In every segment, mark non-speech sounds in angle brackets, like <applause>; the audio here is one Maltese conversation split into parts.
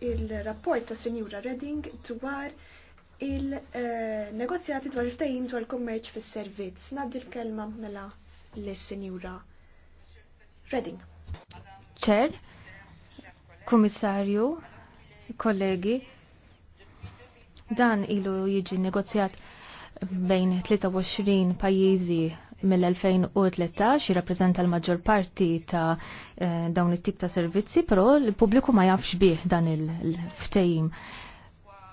il-rapport ta' Senjura Redding dwar il-negozjati dwar il-ftajim dwar il-kommerċ fis servizz Naddi l-kelma mela l-Senjura Redding. ċer, komissarju, kollegi, dan ilu jiġi negozjat bejn 23 pajjiżi mill-2013 jirrappreżenta l-maġġor parti ta' eh, dawn it-tip ta' servizzi, però l-pubbliku ma jafx bih dan il-ftejim.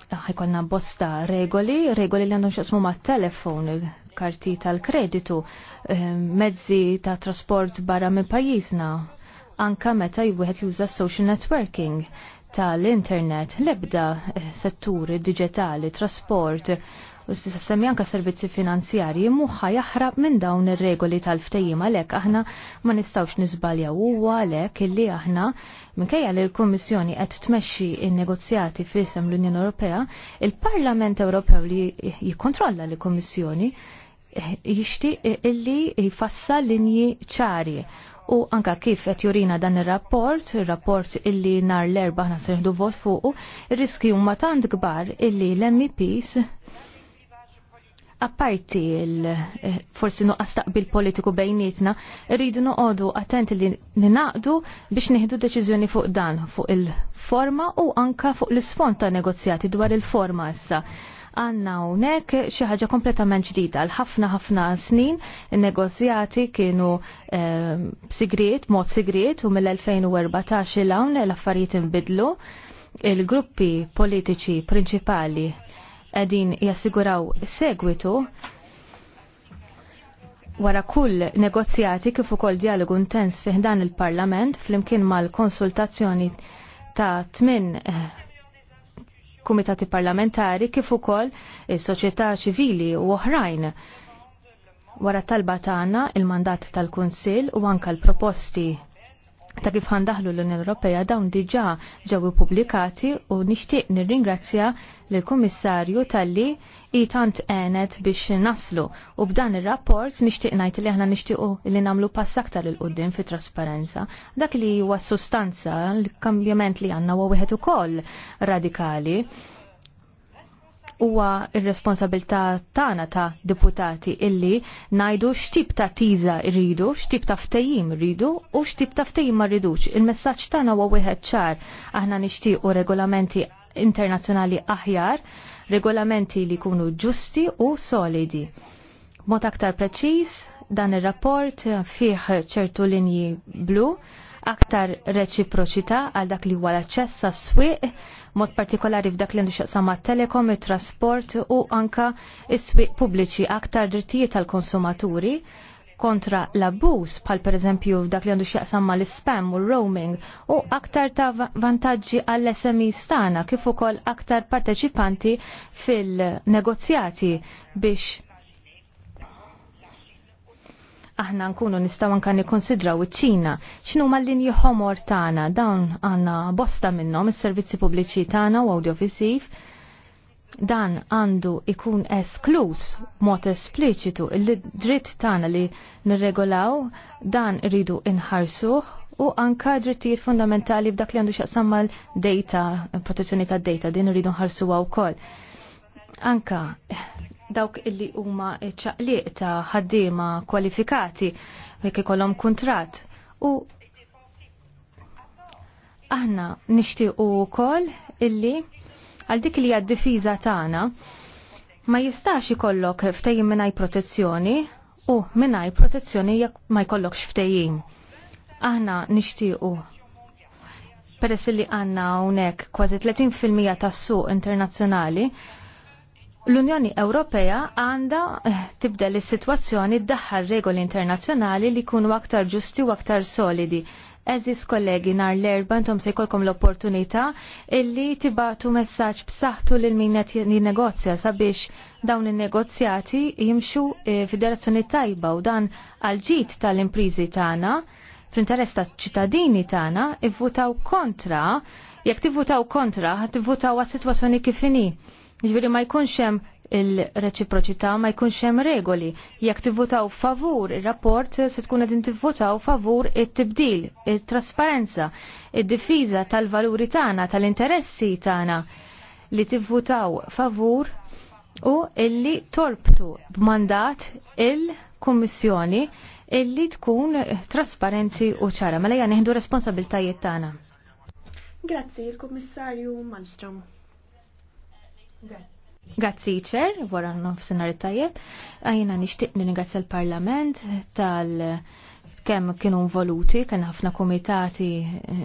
Ah, Ħajkolna bosta regoli, regoli li għandhom xaqsmu ma' telefon, karti tal-kreditu, eh, mezzi ta' trasport barra minn pajjiżna, anka meta jwieħed juża social networking tal-internet, l-ebda eh, setturi digitali, trasport, u s-semmi anka servizzi finanzjarji muħħa jaħrab minn dawn ir-regoli tal-ftejjim għalhekk aħna ma nistgħux niżbalja huwa għalhekk illi aħna minkejja li l-Kummissjoni qed tmexxi n-negozjati f'isem l-Unjoni Ewropea, il-Parlament Ewropew li jikkontrolla l-Kummissjoni eh, jixtieq illi jfassa linji ċari u anka kif qed jurina dan ir-rapport, il ir-rapport illi nar l-erba' naħseb vot fuqu, ir-riski huma tant kbar illi l-MEPs apparti eh, forsi nuqqas bil politiku bejnietna, rridu noqogħdu attenti li ninaqdu biex nieħdu deċiżjoni fuq dan, fuq il-forma u anka fuq l-isfond ta' negozjati dwar il-forma issa għanna unek xaħġa kompletament ġdida. L-ħafna ħafna snin negozjati kienu e, sigriet, mod sigriet u mill-2014 l-għawn l-affarijiet imbidlu il-gruppi politiċi prinċipali qegħdin jassiguraw segwitu wara kull negozjati kif ukoll dialogu intens fih dan il-Parlament flimkien mal-konsultazzjoni ta' tmin eh, kumitati parlamentari kif ukoll is-soċjetà ċivili u oħrajn. Wara talba tagħna il-mandat tal-Kunsill u anka l-proposti ta' kif ħandaħlu l-Unjoni Ewropea dawn diġà ġew pubblikati u nixtieq nirringrazzja lill kummissarju talli i tant għenet biex naslu u b'dan ir-rapport nixtieq ngħid li aħna nixtiequ li nagħmlu pass aktar il qudiem fit trasparenza. Dak li huwa sustanza l-kambjament li għandna huwa wieħed ukoll radikali huwa ir-responsabilità tagħna ta' deputati illi ngħidu x'tip ta' tiża rridu, x'tip ta' ftehim rridu u x'tip ta' ftehim ma rridux. Il-messaġġ tagħna huwa wieħed ċar aħna nixtiequ regolamenti internazzjonali aħjar, regolamenti li jkunu ġusti u solidi. Mod aktar preċiż dan ir-rapport fih ċertu linji blu aktar reċiproċità għal dak li huwa l-aċċess għas-swieq mod partikolari f'dak li għandu xaqsama telekom, il-trasport u anka is-swieq pubbliċi aktar drittijiet tal-konsumaturi kontra l abus pal per eżempju f'dak li għandu xaqsama l-spam u l-roaming u aktar ta' vantaġġi għall-SMI stana kif ukoll aktar parteċipanti fil-negozjati biex aħna nkunu nistaw anka nikkonsidraw iċ-Ċina x'inhu ma linji ħomor tagħna dawn għandna bosta minnhom is-servizzi pubbliċi tagħna u audiovisiv dan għandu ikun esklus mod espliċitu il-dritt tagħna li nirregolaw dan rridu inħarsuh u anka drittijiet fundamentali b'dak li għandu xaqsam mal-data, protezzjoni tad-data din rridu nħarsuha wkoll. Anka dawk illi huma ċaqliq ta' ħaddiema kwalifikati jekk ikollhom kuntratt u aħna nixtiequ wkoll illi għal dik li għad-difiża tagħna ma jistax ikollok ftejjim mingħajr protezzjoni u mingħajr protezzjoni jekk ma jkollokx ftejjim. Aħna nixtiequ peress li għanna unek kważi 30% tas suq internazzjonali L-Unjoni Ewropea għanda eh, tibdel is-sitwazzjoni ddaħħal regoli internazzjonali li jkunu aktar ġusti u aktar solidi. Eżis kollegi nar l-erba intom se jkollkom l-opportunità illi tibatu messaġġ b'saħħtu lil min qed jinnegozja sabiex dawn in-negozjati jimxu eh, fid-direzzjoni tajba u dan għal ġid tal-imprizi tagħna fl-interess tal-ċittadini tagħna ivvutaw kontra jekk tivvutaw kontra tivvutaw għas-sitwazzjoni kif inhi Ġviri ma jkunx hemm il-reċiproċità ma jkunx hemm regoli. Jekk tivvutaw favur ir-rapport se tkun qed tivvutaw favur it-tibdil, it-trasparenza, id-difiża tal-valuri tagħna, tal-interessi tagħna li tivvutaw favur u illi torbtu b'mandat il-Kummissjoni illi tkun trasparenti u ċara. Mela jgħan responsabiltajiet tagħna. Grazzi, il-Kummissarju Malmstrom. Grazzi ċer, wara nofsenar tajjeb, għajna nishtiq nirringrazzja l-Parlament tal- kemm kienu involuti, kien ħafna komitati eh,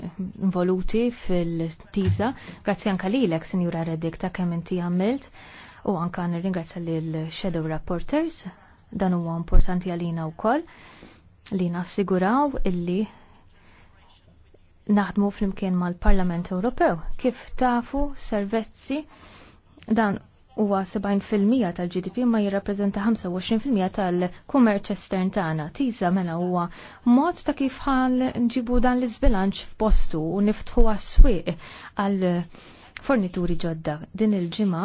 involuti fil-tisa, grazzi anka lilek, Sinjura Reddik, ta' kemm inti għamilt, u anka nirringrazzja l-Shadow Rapporters, dan huwa importanti għalina wkoll li nassiguraw illi naħdmu flimkien mal-Parlament Ewropew. Kif tafu servezzi Dan huwa 70% tal-GDP ma jirrapprezenta 25% tal-kummerċ estern tagħna. Tiża mela huwa mod ta' kif ħal nġibu dan l-iżbilanċ f'postu u niftħu għas-swieq għal fornituri ġodda. Din il-ġimgħa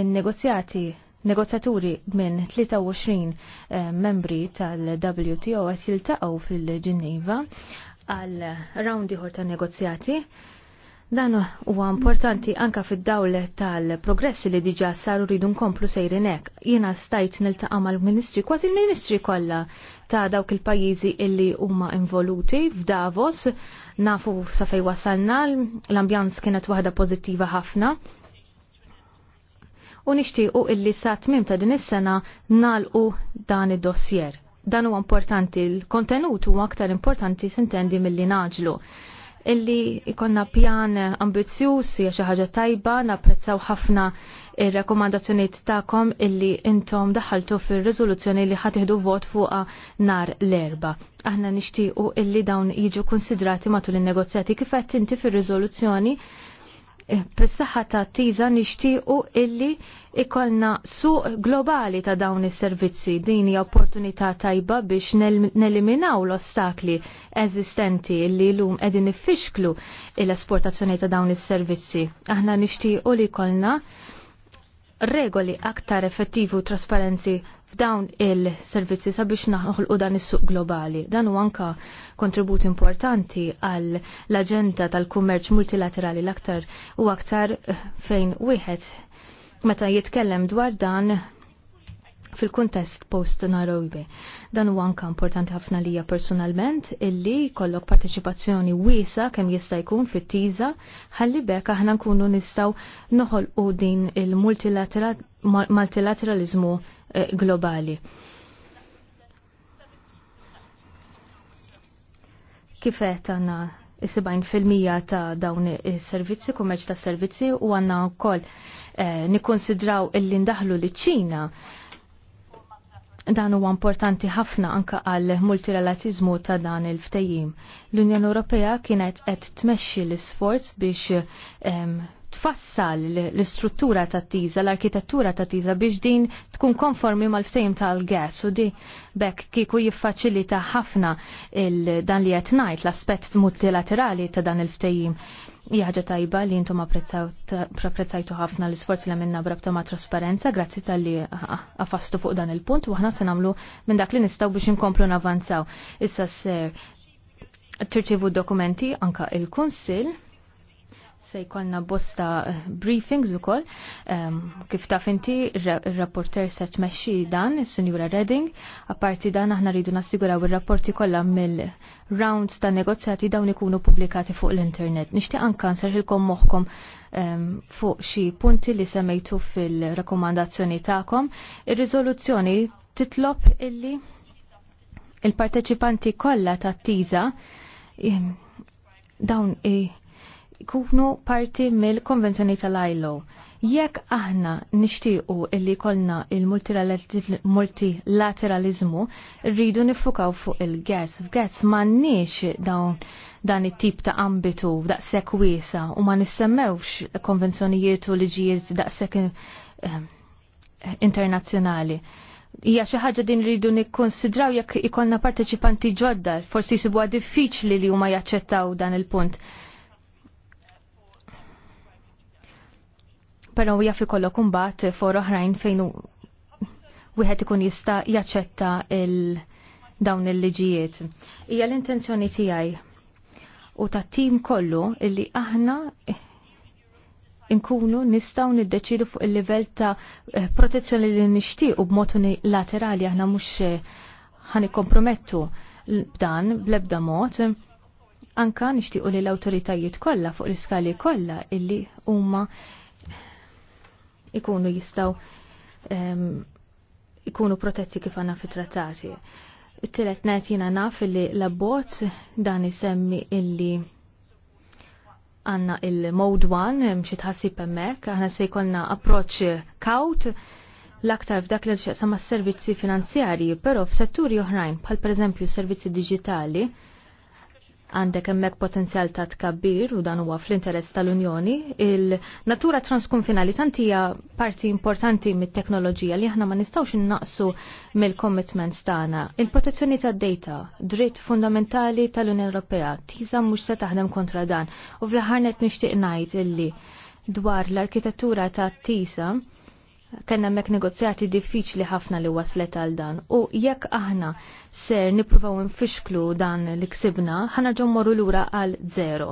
in-negozjati Negozjaturi minn 23 eh, membri tal-WTO għet jiltaqgħu fil-Ġiniva għal round ieħor ta' negozjati Dan huwa importanti anka fid-dawle tal-progressi li diġa saru ridu nkomplu sejrinek. Jiena stajt niltaqa' mal-Ministri, kważi l-Ministri kollha ta' dawk il-pajjiżi illi huma involuti f'Davos, nafu sa fej wasalna, l ambjans kienet waħda pożittiva ħafna. U nixtiequ illi sa tmim ta' din is-sena nalqu dan id-dossier. Dan huwa importanti, l-kontenut huwa aktar importanti sintendi mill-li naġlu illi ikonna pjan ambizjuż hija xi ħaġa tajba, napprezzaw ħafna ir-rakkomandazzjonijiet tagħkom illi intom daħaltu fir-riżoluzzjoni li ħatiħdu vot fuqha nar l-erba. Aħna nixtiequ illi dawn jiġu konsidrati matul in-negozjati kif qed inti fir-riżoluzzjoni Pessaħa eh, saħħa ta' tiża nixtiequ illi ikolna suq globali ta' dawn is-servizzi. Din hija opportunità tajba biex neliminaw l-ostakli eżistenti li lum qegħdin iffixklu l-esportazzjoni ta' dawn is-servizzi. Aħna nixtiequ li jkollna regoli aktar effettivi u trasparenzi f'dawn il-servizzi sabiex naħolqu dan is-suq globali. Dan u anka kontribut importanti għal l-aġenda tal-kummerċ multilaterali l-aktar u aktar eh, fejn wieħed meta jitkellem dwar dan fil-kuntest post Nairobi. Dan huwa anka importanti ħafna lija personalment illi kollok parteċipazzjoni wiesa kemm jista' jkun fit-tiża ħalli bekk aħna nkunu nistgħu noħolqu din il-multilateralizmu eh, globali. Kifet għanna 70% ta' dawn is-servizzi, kummerċ ta' servizzi u għanna wkoll eh, nikkonsidraw illi ndaħlu li ċina Dan huwa importanti ħafna anka għal multilateralizmu ta' dan il-ftejjim. L-Unjoni Ewropea kienet qed tmexxi l-isforz biex tfassal l-istruttura ta' tiża, l-arkitettura ta' tiża biex din tkun konformi mal-ftejm tal-gas u di bekk kieku jiffaċilita ħafna dan li qed ngħid l-aspett multilaterali ta' dan il-ftejim. Jaħġa tajba li intom apprezzajtu ħafna l-isforz li minna brabta ma' trasparenza, grazzi tal-li għafastu fuq dan il-punt, u ħna se namlu minn dak li nistaw biex inkomplu navanzaw. Issa ser turċivu dokumenti anka il-Kunsil se jkollna bosta eh, briefings ukoll. Um, kif taf inti ir-rapporter se tmexxi dan is-Sinjura Redding, apparti dan aħna rridu nassiguraw ir-rapporti kollha mill-rounds ta' negozjati dawn ikunu pubblikati fuq l-internet. Nixtieq anke nserħilkom moħħkom um, fuq xi punti li semmejtu fil-rakkomandazzjoni tagħkom. Ir-riżoluzzjoni titlob illi il-parteċipanti kollha tat-tiża ehm, dawn i jkunu parti mill-konvenzjoni tal-ILO. Jekk aħna nixtiequ illi kolna il-multilateralizmu, rridu nifukaw fuq il-gas. F'gas m'għandniex dawn dan it-tip ta' ambitu da' wiesa u ma nissemmewx konvenzjonijiet u liġijiet daqshekk sek eh, internazzjonali. Hija xi ħaġa din rridu nikkonsidraw jekk ikollna parteċipanti ġodda, forsi jsibuha diffiċli li huma jaċċettaw dan il-punt Però jaffi kollu kumbat for oħrajn fejn wieħed ikun jista' jaċċetta il dawn il-liġijiet. Hija l-intenzjoni tiegħi u tat-tim kollu illi aħna inkunu nistaw niddeċidu fuq il-livell ta' eh, protezzjoni li nixtieq u b'mod unilaterali aħna mhux eh, ħani kompromettu b'dan bl-ebda mod anka nixtiequ li l-awtoritajiet kollha fuq l-iskali kollha illi huma ikunu jistaw um, ikunu protetti kif għanna fit-trattati. Il-tillet net jina naf li l-abbozz dan isemmi illi għanna il-mode one, mxit tħassib emmek, għanna se jkollna approċ kaut l-aktar f'dak l li s servizzi finanzjari, pero f'setturi oħrajn, bħal per eżempju servizzi digitali, għandek hemmhekk potenzjal ta' tkabbir u dan huwa fl-interess tal-Unjoni, il-natura transkonfinali tantija hija parti importanti mit-teknoloġija li aħna ma nistgħux innaqsu mill-commitments tagħna. Il-protezzjoni tad-data, dritt fundamentali tal-Unjoni Ewropea, tiża mhux se taħdem kontra dan u fl-aħħar nixtieq ngħid illi dwar l-arkitettura ta' tisa kena mek negozjati diffiċli ħafna li waslet għal dan u jekk aħna ser nipruvaw nfixklu dan li ksibna ħana ġom morru lura għal zero.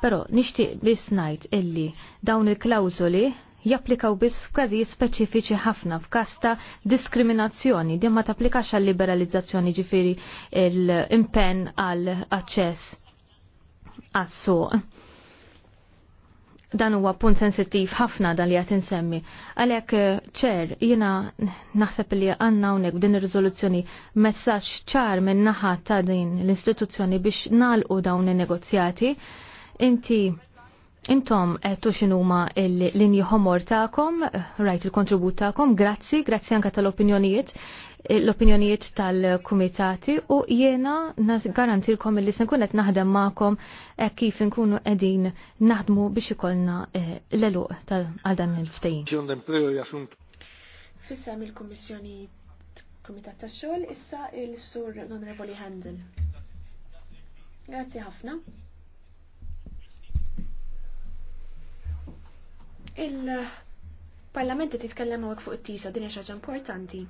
Pero nixtieq biss ngħid illi dawn il klawzoli japplikaw biss f'każijiet speċifiċi ħafna f'każ ta' diskriminazzjoni din ma tapplikax għal liberalizzazzjoni ġifiri l-impenn għal aċċess għas-suq dan huwa punt sensittiv ħafna dan li qed insemmi. Għalhekk ċer, eh, jiena naħseb li għandna hawnhekk din ir-riżoluzzjoni messaġġ ċar minn naħa ta' din l-istituzzjoni biex nagħlqu dawn in-negozjati. Inti Intom għettu xinuma l-linji homor ta'kom, rajt il-kontribut ta'kom, grazzi, grazzi anka tal-opinjonijiet l-opinjonijiet tal-kumitati u jiena garantilkom li se nkun qed naħdem magħkom kif inkunu qegħdin naħdmu biex ikollna eh, l-eluq għal dan il-ftehim. E Fissam il-Kummissjoni Kumitat tax-xogħol issa il-Sur Onorevoli Handel. Grazzi ħafna. Il-Parlamenti titkellem għawek fuq it-tisa din xaġa importanti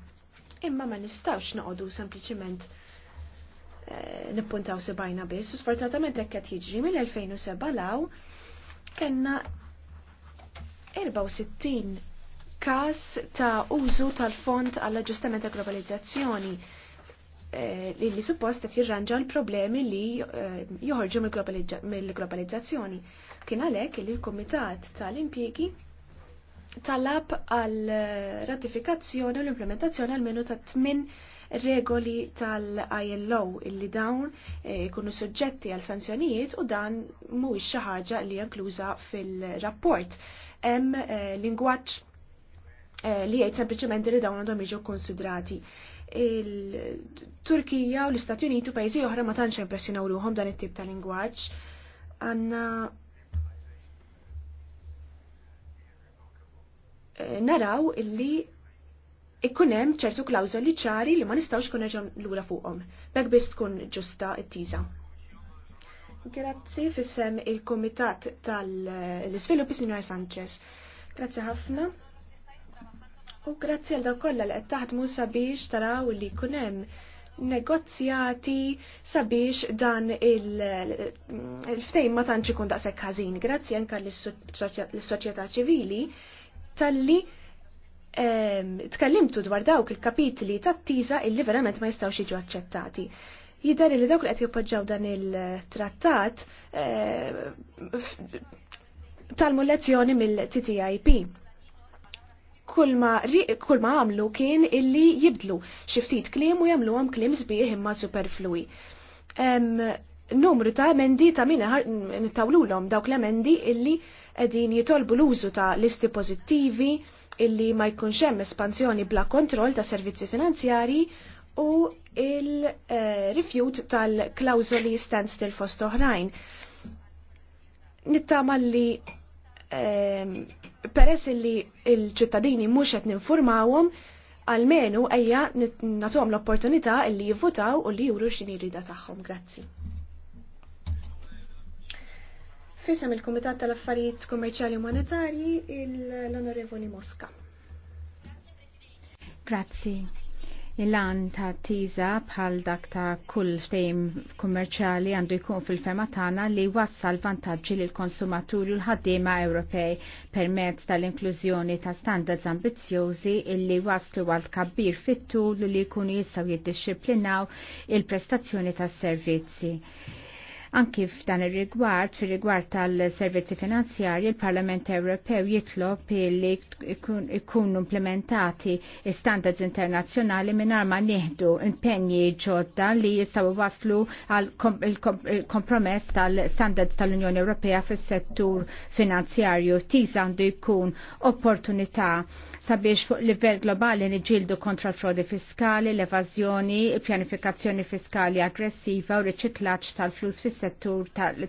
imma ma nistawx noqogħdu sempliciment eh, nippuntaw sebajna biss. Sfortunatament hekk qed jiġri mill-2007 law kellna 64 każ ta' użu tal-fond għall-aġġustament ta' globalizzazzjoni eh, li li suppost qed jirranġa l-problemi li eh, joħorġu mill-globalizzazzjoni. Kien għalhekk li l-Kumitat tal-Impjiegi talab għal ratifikazzjoni u l-implementazzjoni għal-menu ta' tmin regoli tal-ILO illi dawn eh, ikunu suġġetti għal sanzjonijiet u dan mhuwiex xi ħaġa li inkluża fil-rapport. Hemm eh, lingwaġġ eh, li jgħid sempliċement li dawn għandhom jiġu konsidrati. Il-Turkija u l-Istati Uniti u pajjiżi oħra ma tantx impressjonaw ruhom dan it-tip ta' lingwaġġ. Għandna naraw illi ikkunem ċertu klawżoli ċari li ma nistawx kun lura fuqhom. Bek biss tkun ġusta t-tiża. Grazzi fissem il-Komitat tal-Sviluppi Signora Sanchez. Grazzi ħafna. U grazzi għal kollha li qed mu sabiex taraw li kunem negozjati sabiex dan il-ftejn ma tantx ikun daqshekk ħażin. Grazzi anka lis-soċjetà ċivili tal-li tkellimtu dwar dawk il-kapitli tat-tisa illi verament ma jistgħux jiġu aċċettati. Jidher li dawk li qed jippoġġaw dan il-trattat talmu lezzjoni mill-TTIP. Kull ma għamlu kien illi jibdlu xiftit klim u jagħmluhom għam klim sbieħ imma superflui numru ta' emendi ta' minna nittawlulom dawk l-emendi illi edin jitolbu l-użu ta' listi pozittivi illi ma jkunx hemm espansjoni bla kontroll ta' servizzi finanzjari u il-rifjut tal stands standstill fost oħrajn. Nittama li ehm, peress illi il-ċittadini mhux qed ninfurmawhom għalmenu ejja nagħtuhom l-opportunità illi jivvutaw u li juru x'inhi rida tagħhom. Grazzi. Fisem il-Komitat tal-Affarijiet Kummerċjali Monetarji l-Onorevoli Mosca. Grazzi. Il-lan ta' tiza bħal dak ta' kull ftejm kummerċali għandu jkun fil-ferma tagħna li wassal vantaġġi lil konsumaturi u l-ħaddiema Ewropej permezz tal-inklużjoni ta' standards ambizzjużi illi waslu għal kabbir fit-tul li jkunu jistgħu jiddixxiplinaw il-prestazzjoni tas-servizzi Anki f'dan ir-rigward, fir-rigward tal-servizzi finanzjari, il-Parlament Ewropew jitlob li jkunu implementati standards internazzjonali mingħajr ma nieħdu impenji ġodda li jistgħu waslu għal kompromess tal-standards tal-Unjoni Ewropea fis-settur finanzjarju. Tiż għandu jkun opportunità sabiex fuq livell globali niġildu kontra l-frodi fiskali, l-evażjoni, pjanifikazzjoni fiskali aggressiva u riċiklaċ tal-flus fis-settur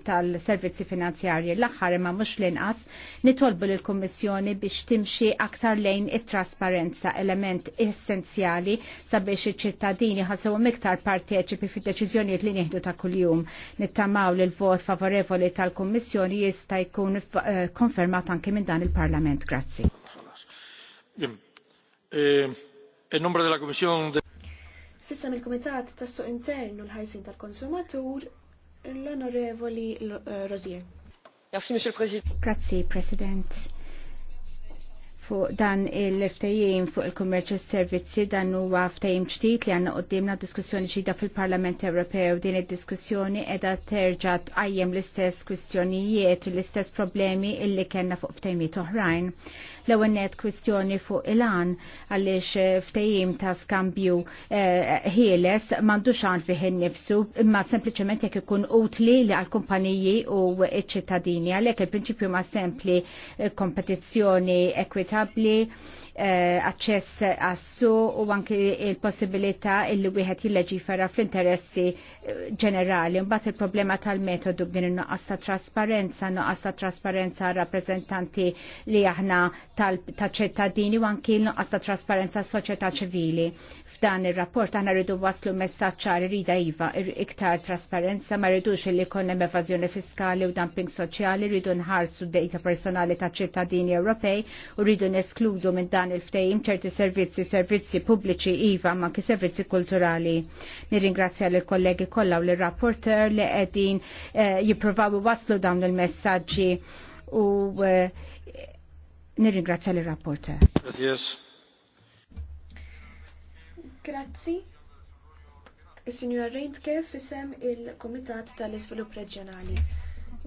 tal-servizzi finanzjarji. L-aħħar imma mhux l-inqas nitolbu lill kummissjoni biex timxi aktar lejn it-trasparenza, element essenzjali sabiex iċ-ċittadini ħassew miktar parteċipi fid-deċiżjonijiet li nieħdu ta' kuljum. Nittamaw li l-vot favorevoli tal-Kummissjoni jista' jkun eh, konfermat anke minn dan il-Parlament. Grazzi. Il-numru eh, Fissam il-Komitat tas-Suq Internu l-ħajsin tal-Konsumatur l-Onorevoli eh, Rosier. Grazie, Monsieur Grazie, President fuq dan il ftajim fuq il-kummerċ s-servizzi dan huwa ftejjim ġdid li għandna qoddimna diskussjoni ġdida fil-Parlament Ewropew din id-diskussjoni qiegħda terġa' tqajjem l-istess kwistjonijiet u l-istess problemi illi kellna fuq ftejmiet oħrajn. L-ewwel net kwistjoni fuq Ilan għaliex ftajim ta' skambju eh, ħieles m'għandux għan fih innifsu imma sempliċement jekk ikun utli li għall-kumpaniji u ċ-ċittadini għalhekk il-prinċipju ma' sempli eh, kompetizzjoni ekwita vulnerabli eh, aċċess għassu u anki il-possibilità illi wieħed jilleġifera fl-interessi eh, ġenerali. Mbagħad il-problema tal-metodu b'din in-nuqqas ta' trasparenza, noqqas ta' trasparenza rappreżentanti li aħna tal-ċittadini u anki l-nuqqas ta' trasparenza s-soċjetà ċivili. F'dan ir-rapport aħna rridu waslu messaċċar rida iva iktar trasparenza ma rridux li konna hemm evażjoni fiskali u dumping soċjali rridu nħarsu d dejta personali ta' ċittadini Ewropej u rridu neskludu minn dan il ftejim ċerti servizzi, servizzi pubbliċi iva ma anke servizzi kulturali. Nirringrazzja l kollegi kollha u l-rapporter li qegħdin eh, jippruvaw waslu dawn il-messaġġi u eh, nirringrazzja l-rapporter. Grazzi. Is-Sinjor Reintke fisem il-Kumitat tal-Isvilupp Regionali.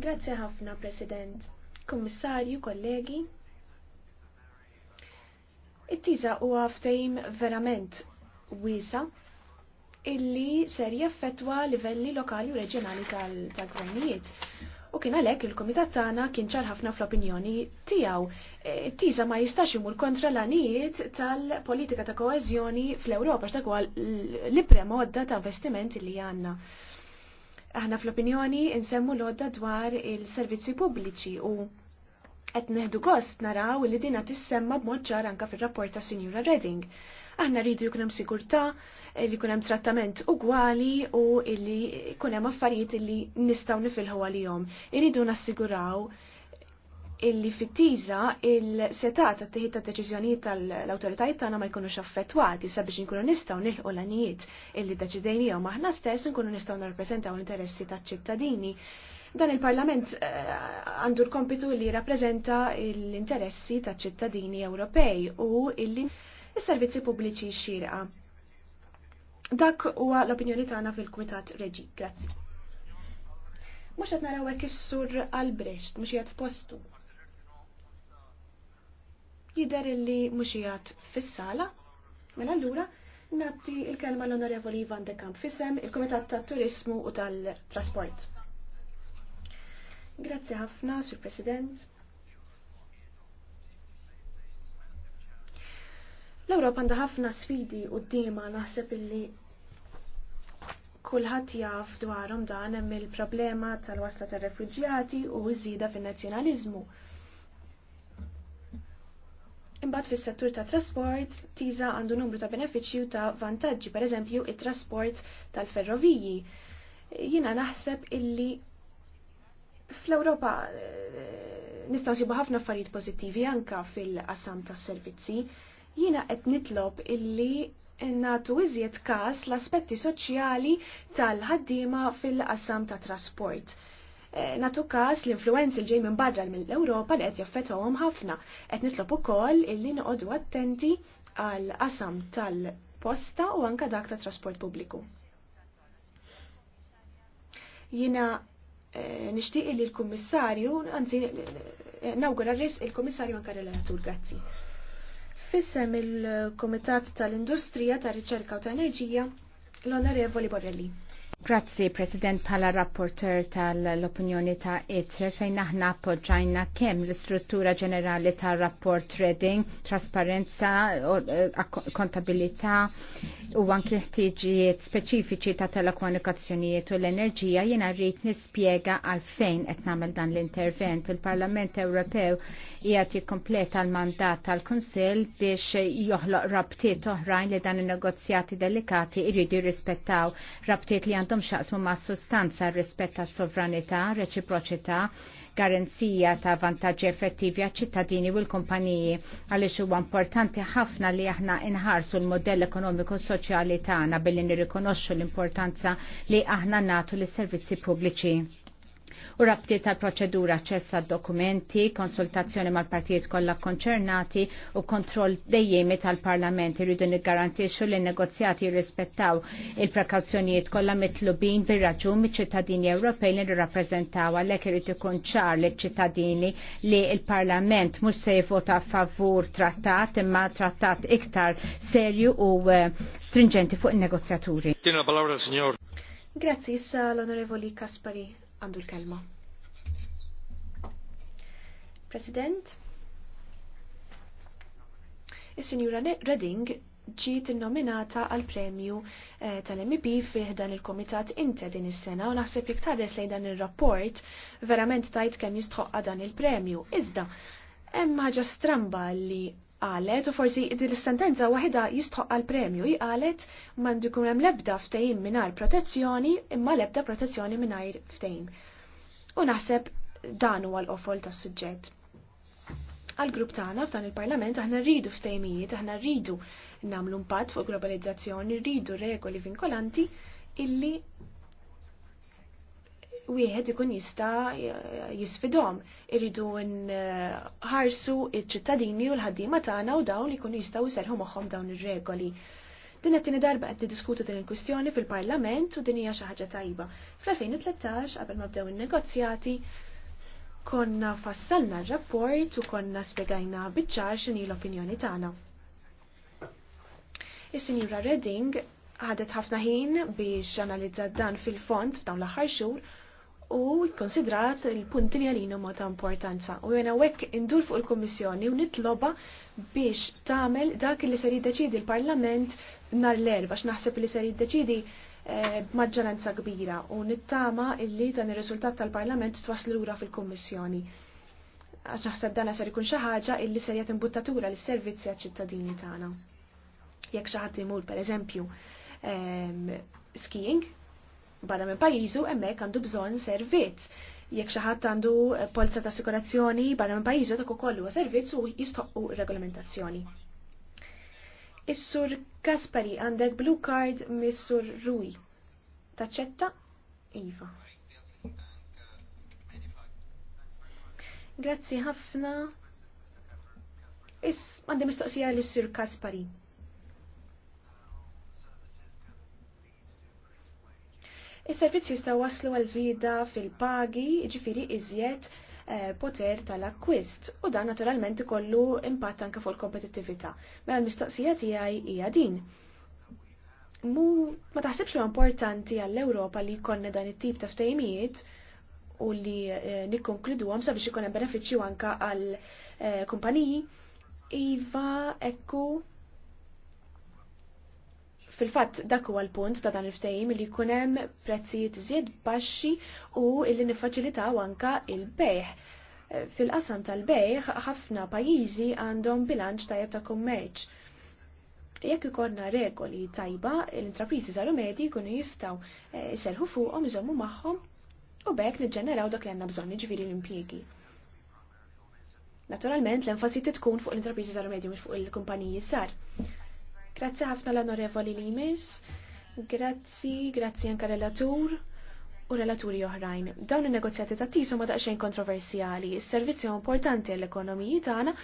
Grazzi ħafna, President, Kommissarju, kollegi. it tiza huwa ftehim verament wiesa illi ser jaffetwa livelli lokali u reġjonali tal-gvernijiet. Tal U kien għalhekk il-Kumitat tagħna kien ċar ħafna fl-opinjoni tiegħu. E, Tisa ma jistax imur kontra l tal-politika ta' koezjoni fl-Ewropa x'dak huwa l-iprema ta' investimenti li għandna. Aħna fl-opinjoni insemmu l odda dwar il-servizzi pubbliċi u qed neħdu gost naraw li dina tissemma b'mod ċar anka fir-rapport ta' Sinjura Redding Aħna rridu jkun hemm sigurtà, li jkun hemm trattament ugwali u illi jkun hemm affarijiet li nistgħu nifilħu għalihom. Irridu nassiguraw illi fit-tiża il-setat ta' tiħid ta' deċiżjonijiet tal-awtoritajiet tagħna ma jkunux affettwati sabiex inkunu nistgħu nilħu l għanijiet illi deċidejnijhom aħna stess nkunu nistgħu nirrappreżentaw l-interessi taċ-ċittadini. Dan il-Parlament eh, għandu l-kompitu li rappreżenta l-interessi taċ-ċittadini Ewropej u illi is-servizzi pubbliċi xirqa. Dak huwa l-opinjoni tagħna fil-Kumitat Reġi. Grazzi. Mhux qed naraw hekk is-sur Albrecht mhux qiegħed f'postu. Jidher illi mhux qiegħed fis-sala, mela allura nagħti il-kelma l-Onorevoli Ivan de Kamp fisem il-Kumitat tat-Turismu u tal-Trasport. Grazzi ħafna, Sur President. L-Ewropa għandha ħafna sfidi d-dima naħseb illi kulħadd jaf dwarhom dan hemm il-problema tal-wasla tar-refuġjati u żida fin-nazzjonaliżmu. Imbagħad fis-settur ta' trasport tiża għandu numru ta' benefiċċju ta' vantaġġi, pereżempju it-trasport tal-ferroviji. Jiena naħseb illi fl-Ewropa eh, nistgħu ħafna affarijiet pożittivi anka fil-qasam tas-servizzi Jiena qed nitlob illi nagħtu iżjed każ l-aspetti soċjali tal-ħaddiema fil-qassam ta' trasport. Eh, Natu każ l-influenzi li ġej minn barra mill-Ewropa li qed jaffettawhom ħafna. Qed nitlob ukoll illi noqogħdu attenti għal qasam tal-posta u anka dak ta' trasport pubbliku. Jiena eh, nixtieq li l-Kummissarju, anzi, eh, nawgura res il-Kummissarju anka relatur, grazzi. Fissem il-Komitat tal-Industrija, tal-Riċerka u tal-Enerġija, l-Onorevoli Borrelli. Grazzi, President, pala rapporter tal-opinjoni ta' ITRE fejn aħna appoġġajna kemm l-istruttura ġenerali ta' rapport trading, trasparenza, e, kontabilità u anki ħtiġijiet speċifiċi ta' telekomunikazzjonijiet u l-enerġija jiena rrid nispjega għal fejn qed nagħmel dan l-intervent. Il-Parlament Ewropew qiegħed jikkompleta l-mandat tal-Kunsill biex joħloq rabtiet oħrajn li dan in-negozjati delikati jridu jirrispettaw rabtiet li għandhom xaqsmu ma' sustanza rispetta sovranità, reċiproċità, garanzija ta' vantaġġi effettivi għal ċittadini u l-kumpaniji għaliex huwa importanti ħafna li aħna inħarsu l-modell ekonomiku soċjali tagħna billi nirrikonoxxu l-importanza li aħna natu lis servizzi pubbliċi u rabti tal-proċedura ċessa dokumenti, konsultazzjoni mal-partijiet kollha konċernati u kontroll dejjemi tal-Parlament irridu niggarantixxu li n-negozjati jirrispettaw il-prekawzjonijiet kollha mitlubin bir-raġun miċ-ċittadini Ewropej li nirrappreżentaw għalhekk irid ikun ċar liċ-ċittadini li l-Parlament mhux se jivvota favur trattat imma trattat iktar serju u eh, stringenti fuq in-negozjaturi. Grazie, Grazzi, issa l-Onorevoli Kaspari għandu l-kelma. President, Is-Sinjura Redding ġiet innominata għal premju eh, tal-MP fih dan il-Komitat Inte din is-sena u naħseb jekk tħares lejn dan ir-rapport verament tajt kemm jistħoqqa dan il-premju. Iżda, hemm ħaġa stramba li qalet u forsi dil-sentenza wahida jistħoq għal premju i qalet mandi kun hemm lebda ftehim mingħajr protezzjoni imma lebda protezzjoni mingħajr ftehim. U naħseb dan huwa l-qofol tas-suġġett. Għal-grupp tagħna f'dan il-Parlament aħna rridu ftejmijiet, aħna rridu nagħmlu impatt fuq globalizzazzjoni, rridu regoli vinkolanti illi wieħed ikun jista' jisfidhom. Iridu nħarsu iċ-ċittadini u l-ħaddiema tagħna u dawn li jkunu jistgħu jserħu magħhom dawn ir-regoli. Din qed darba qed niddiskutu din il-kwistjoni fil-Parlament u din hija xi ħaġa tajba. Fl-2013 qabel ma bdew in-negozjati konna fassalna r-rapport u konna spjegajna biċ-ċar x'inhi l-opinjoni tagħna. Is-Sinjura Redding ħadet ħafna ħin biex analizza dan fil-font f'dawn l-aħħar xhur u jikkonsidrat il-punti li għalina ma ta' importanza. U jena wek indur fuq il-Kommissjoni u nitloba biex tamel dak li ser jiddeċidi l-Parlament nar l-erba, naħseb li ser jiddeċidi b'maġġoranza eh, kbira u nittama illi dan ir-riżultat tal-Parlament twaslu lura fil-Kommissjoni. Għax naħseb dan ser ikun xi ħaġa illi ser jagħti imbuttatura lis-servizzi għaċ-ċittadini tagħna. Jekk xi ħadd imur pereżempju ehm, skiing, barra minn pajizu hemmhekk għandu bżonn servizz. Jekk xi ħadd għandu eh, polza ta' assikurazzjoni barra minn pajizu dak ukoll għu servizz u jistħoqqu regolamentazzjoni. Is-sur Kaspari għandek blue card mis-sur Rui. Taċċetta? Iva. Grazzi ħafna. Is, għandi mistoqsija l sur Kaspari. Is-servizzi jistaw waslu għal żieda fil-pagi, ġifiri iżjed eh, poter tal-akkwist u dan naturalment ikollu impatt anke fuq il-kompetittività. Mela l-mistoqsija tiegħi hija din. Mu ma taħsibx li importanti għall-Ewropa li jkollna dan it-tip ta' ftejmijiet u li eh, nikkonkludu sabiex ikun hemm benefiċċju anke għall eh, kumpaniji Iva, ekku, Fil-fatt dak huwa l-punt ta' dan il-ftehim li jkun hemm prezzijiet iżjed baxxi u illi niffaċilitaw anka il-bejħ. Eh, fil-qasam tal-bejħ ħafna pajjiżi għandhom bilanċ tajjeb ta' kummerċ. Jekk ikorna regoli tajba, l-intrapriżi żaru medji jkunu jistgħu jserħu eh, fuqhom iżommu magħhom u bekk niġġeneraw dak li għandna bżonn jiġifieri l-impjiegi. Naturalment l-enfasi tkun fuq l-intrapriżi żaru medji mhux fuq il-kumpaniji żgħar Grazzi ħafna l-onorevoli Limes, grazzi, grazzi anka relatur u relaturi oħrajn. Dawn il-negozjati ta' tisu ma daqxejn kontroversjali, servizzi importanti l-ekonomiji tagħna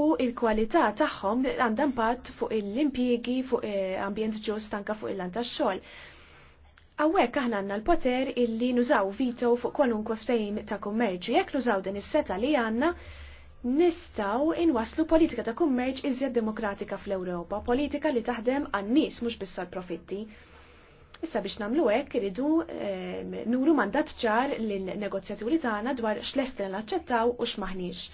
u il-kwalità tagħhom għandha impatt fuq l-impjiegi, fuq eh, ambjent ġust anka fuq il-lan tax-xogħol. Awek aħna għanna l-poter illi nużaw vito fuq kwalunkwe ftehim ta' kummerċu, jekk nużaw din is-seta li għanna, nistaw inwaslu politika ta' kummerċ iżjed demokratika fl-Ewropa, politika li taħdem għan-nies mhux biss profitti. Issa biex namlu hekk iridu eh, nuru mandat ċar lil negozjaturi tagħna dwar x'lestra naċċettaw u x'maħniex.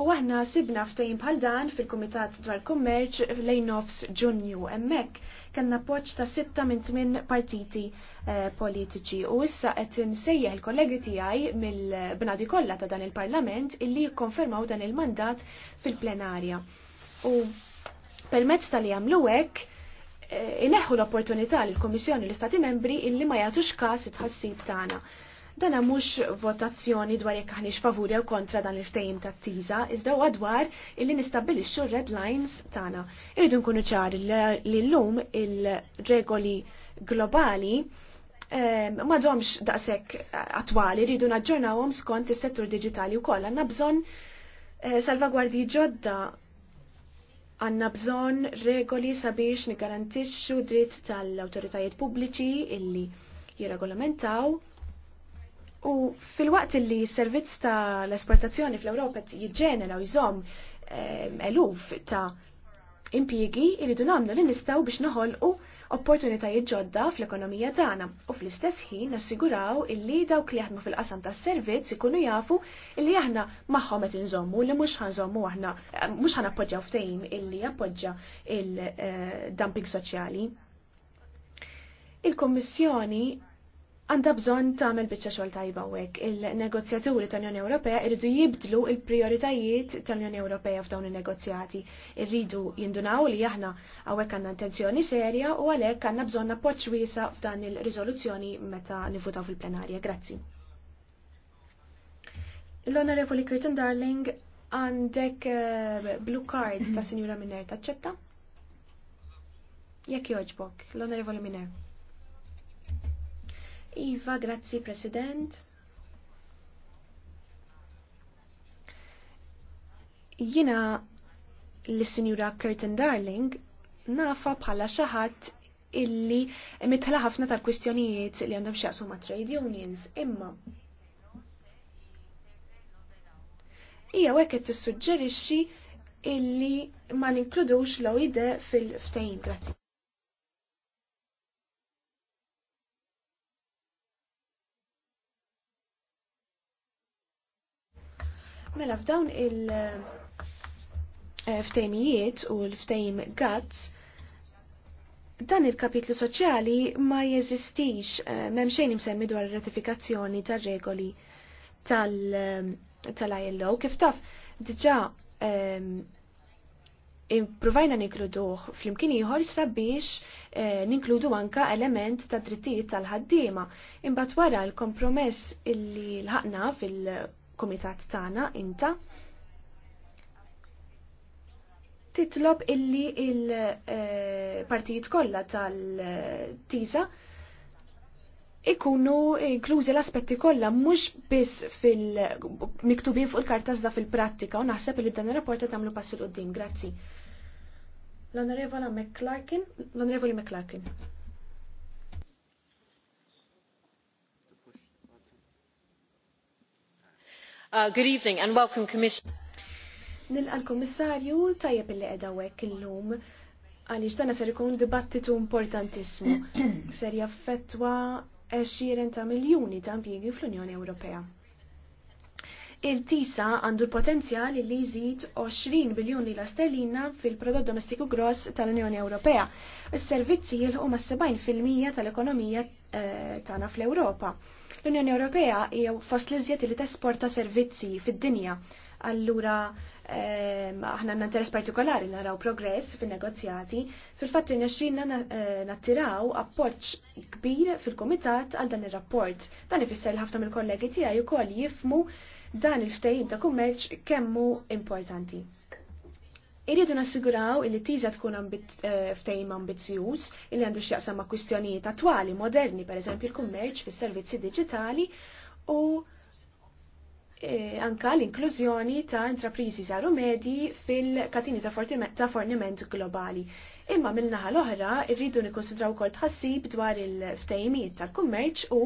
U aħna sibna ftejn bħal dan fil-Kumitat dwar kummerċ lejn nofs Ġunju hemmhekk kellna appoġġ ta' sitta minn tmien partiti eh, politiċi u issa qed insejjaħ il-kollegi tiegħi mill-bnadi kollha ta' dan il-Parlament illi jikkonfermaw dan il-mandat fil-plenarja. U permezz tal-li jagħmlu hekk eh, ineħħu l-opportunità l-Komissjoni l-Istati membri illi ma jagħtux każ it-ħassib tagħna. Dana mhux votazzjoni dwar jekk aħniex favuri jew kontra dan il-ftehim tat-tiża, iżda huwa dwar illi nistabilixxu red lines tagħna. Irridu nkunu ċari li llum il-regoli globali ma ehm, domx daqsek attwali, rridu naġġornawhom skont is-settur digitali wkoll. Għandna bżonn eh, salvagwardji ġodda għanna bżon regoli sabiex nigarantixxu dritt tal-awtoritajiet pubbliċi illi jirregolamentaw U fil-waqt li s-servizz ta' l-esportazzjoni fl-Ewropa jiġġenera u jżom eluf ta' impjiegi li nagħmlu li nistgħu biex naħolqu opportunitajiet ġodda fl-ekonomija tagħna u fl-istess ħin nassiguraw illi dawk li jaħdmu fil-qasam tas-servizz ikunu jafu illi aħna magħhom qed inżommu li mhux ħanżommu aħna mhux ħanappoġġjaw ftehim illi appoġġa il-dumping eh, soċjali. Il-Kommissjoni il-dumping soċjali. Il-Kommissjoni għandha bżonn tagħmel biċċa xogħol tajba hekk. Il-negozjaturi tal-Unjoni Ewropea jridu jibdlu il-prijoritajiet tal-Unjoni Ewropea f'dawn in-negozjati. Irridu jindunaw li aħna hawnhekk għandna intenzjoni serja u għalhekk għandna bżonn appoġġ wiesa f'dan il-riżoluzzjoni meta nivutaw fil-plenarja. Grazzi. L-Onorevoli Curtin Darling, għandek eh, blue card ta' mhm. Sinjura Miner taċċetta? Jekk joġbok, l-Onorevoli Miner. Iva, grazzi President. Jina l-Sinjura Curtin Darling nafa bħala xaħat illi mitħla ħafna tal-kwistjonijiet li għandhom xaqsmu ma' trade unions imma Ija wek t tissuġġerixxi illi ma ninkludux l-OID fil-ftehim. Grazzi. Mela f'dawn il-ftejmijiet eh, u l-ftejm GATS dan il-kapitlu soċjali ma jeżistix eh, memxejn imsemmi dwar ratifikazzjoni tal-regoli tal-ILO. Eh, Kif taf, diġa improvajna ninkluduh fl-imkien ieħor sabiex ninkludu anka element ta' drittijiet tal-ħaddiema. Imbagħad wara l-kompromess illi l-ħaqna fil- tal-Kumitat tagħna inta titlob illi il-partijiet kollha tal-tisa ikunu inklużi l-aspetti kollha mhux biss fil-miktubin fuq il kartas da fil-prattika u naħseb li b'dan ir rapporta tamlu tagħmlu passi l qoddim Grazzi. L-Onorevoli McClarkin, l-Onorevoli McClarkin. Uh, good evening and welcome Commissioner. Nilqa l-Kummissarju tajjeb illi qiegħda hekk illum għaliex dan ser ikun dibattitu importantissimu <clears throat> ser jaffettwa 20 ta' miljuni ta' impjiegi fl-Unjoni Ewropea. Il-tisa għandu l-potenzjal li jżid 20 biljun lila sterlina fil-prodott domestiku gross tal-Unjoni Ewropea. Is-servizzi jilħu ma' 70% tal-ekonomija Eh, Tana fl-Ewropa. L-Unjoni Ewropea hija fost l-iżjed li tesporta servizzi fid-dinja. Allura eh, aħna għandna interess partikolari naraw progress fin-negozjati, fil-fatt irnexxinna eh, nattiraw appoġġ kbir fil-Kumitat għal dan ir-rapport. Dan ifisser ħafna mill-kollegi tiegħi wkoll jifmu dan il-ftehim ta' kummerċ kemmu importanti. Irridu nassiguraw li tiża tkun ftejm il li għandu x'jaqsam ma' kwistjonijiet attwali, moderni, pereżempju l-kummerċ fis-servizzi diġitali u eh, anka l-inklużjoni ta' intrapriżi żaru medji fil-katini ta' forniment globali. Imma mill-naħa l-oħra irridu nikkonsidraw ukoll tħassib dwar il-ftejmijiet tal-kummerċ u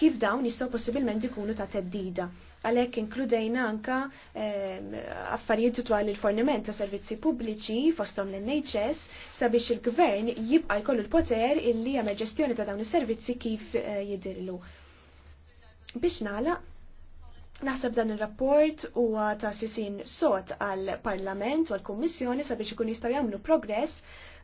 kif dawn jistgħu possibilment ikunu ta' teddida. Għalhekk inkludejna anka ehm, affarijiet dwar il-forniment ta' servizzi pubbliċi fosthom l-NHS sabiex il-gvern jibqa' jkollu l-poter illi jagħmel ġestjoni ta' dawn is-servizzi kif eh, jidirlu. Biex nagħlaq Naħseb dan il-rapport huwa ta' sisin sot għal Parlament u għal Kummissjoni sabiex ikun jistgħu jagħmlu progress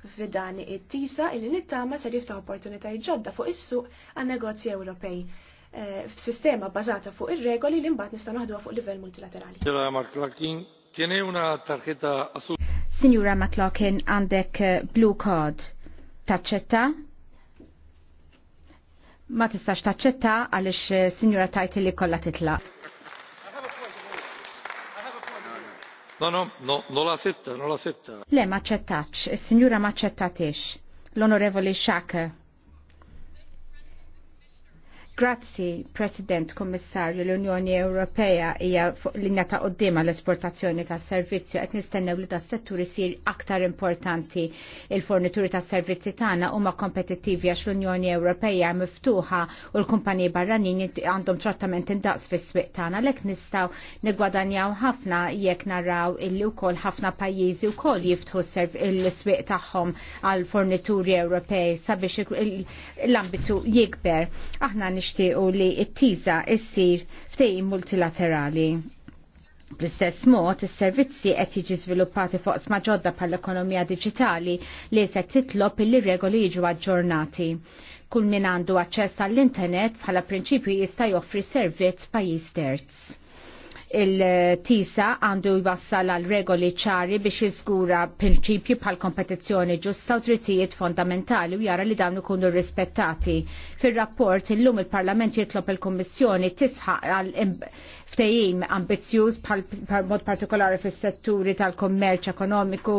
f'dani it-tisa illi nittama ser jiftaħ opportunitajiet ġodda fuq is-suq għan negozji Ewropej eh, f'sistema bażata fuq ir-regoli li mbagħad nista' naħduha fuq livell multilaterali. Signora McLaughlin għandek eh, blue card taċċetta? Ma tistax taċċetta għaliex eh, Signora tajt li kollha titlaq. No, no, no, non l'accetta, non setta. Le ma accettax, il signora ma accettatix, l'onorevole Sciacca. Grazzi, President Kommissarju, l-Unjoni Ewropea hija fuq linja ta' qoddima l-esportazzjoni ta' servizzi qed nistennew li tas settur isir aktar importanti. Il-fornituri ta' servizzi tagħna huma kompetittivi għax l-Unjoni Ewropea miftuħa u l-kumpaniji barranin għandhom trattament indaqs fis-swieq tagħna lek nistgħu niggwadanjaw ħafna jekk naraw illi wkoll ħafna pajjiżi wkoll jiftħu l iswieq tagħhom għal fornituri Ewropej sabiex l-ambitu jikber. Aħna nix jixtiequ li t-tiża issir ftej multilaterali. Bl-istess mod, is-servizzi qed jiġi żviluppati fuq sma ġodda ekonomija diġitali li se titlob illi regoli jiġu aġġornati. Kull min għandu aċċess għall-internet bħala prinċipju jista' joffri servizz pajjiż terz il-tisa għandu jwassal għal regoli ċari biex jiżgura prinċipju pal kompetizzjoni ġusta u drittijiet fondamentali u jara li dawn ikunu rispettati. Fil-rapport illum il-Parlament jitlob il-Kommissjoni tisħaq għal ftejim ambizjuż pal mod partikolari fis-setturi tal-kommerċ ekonomiku,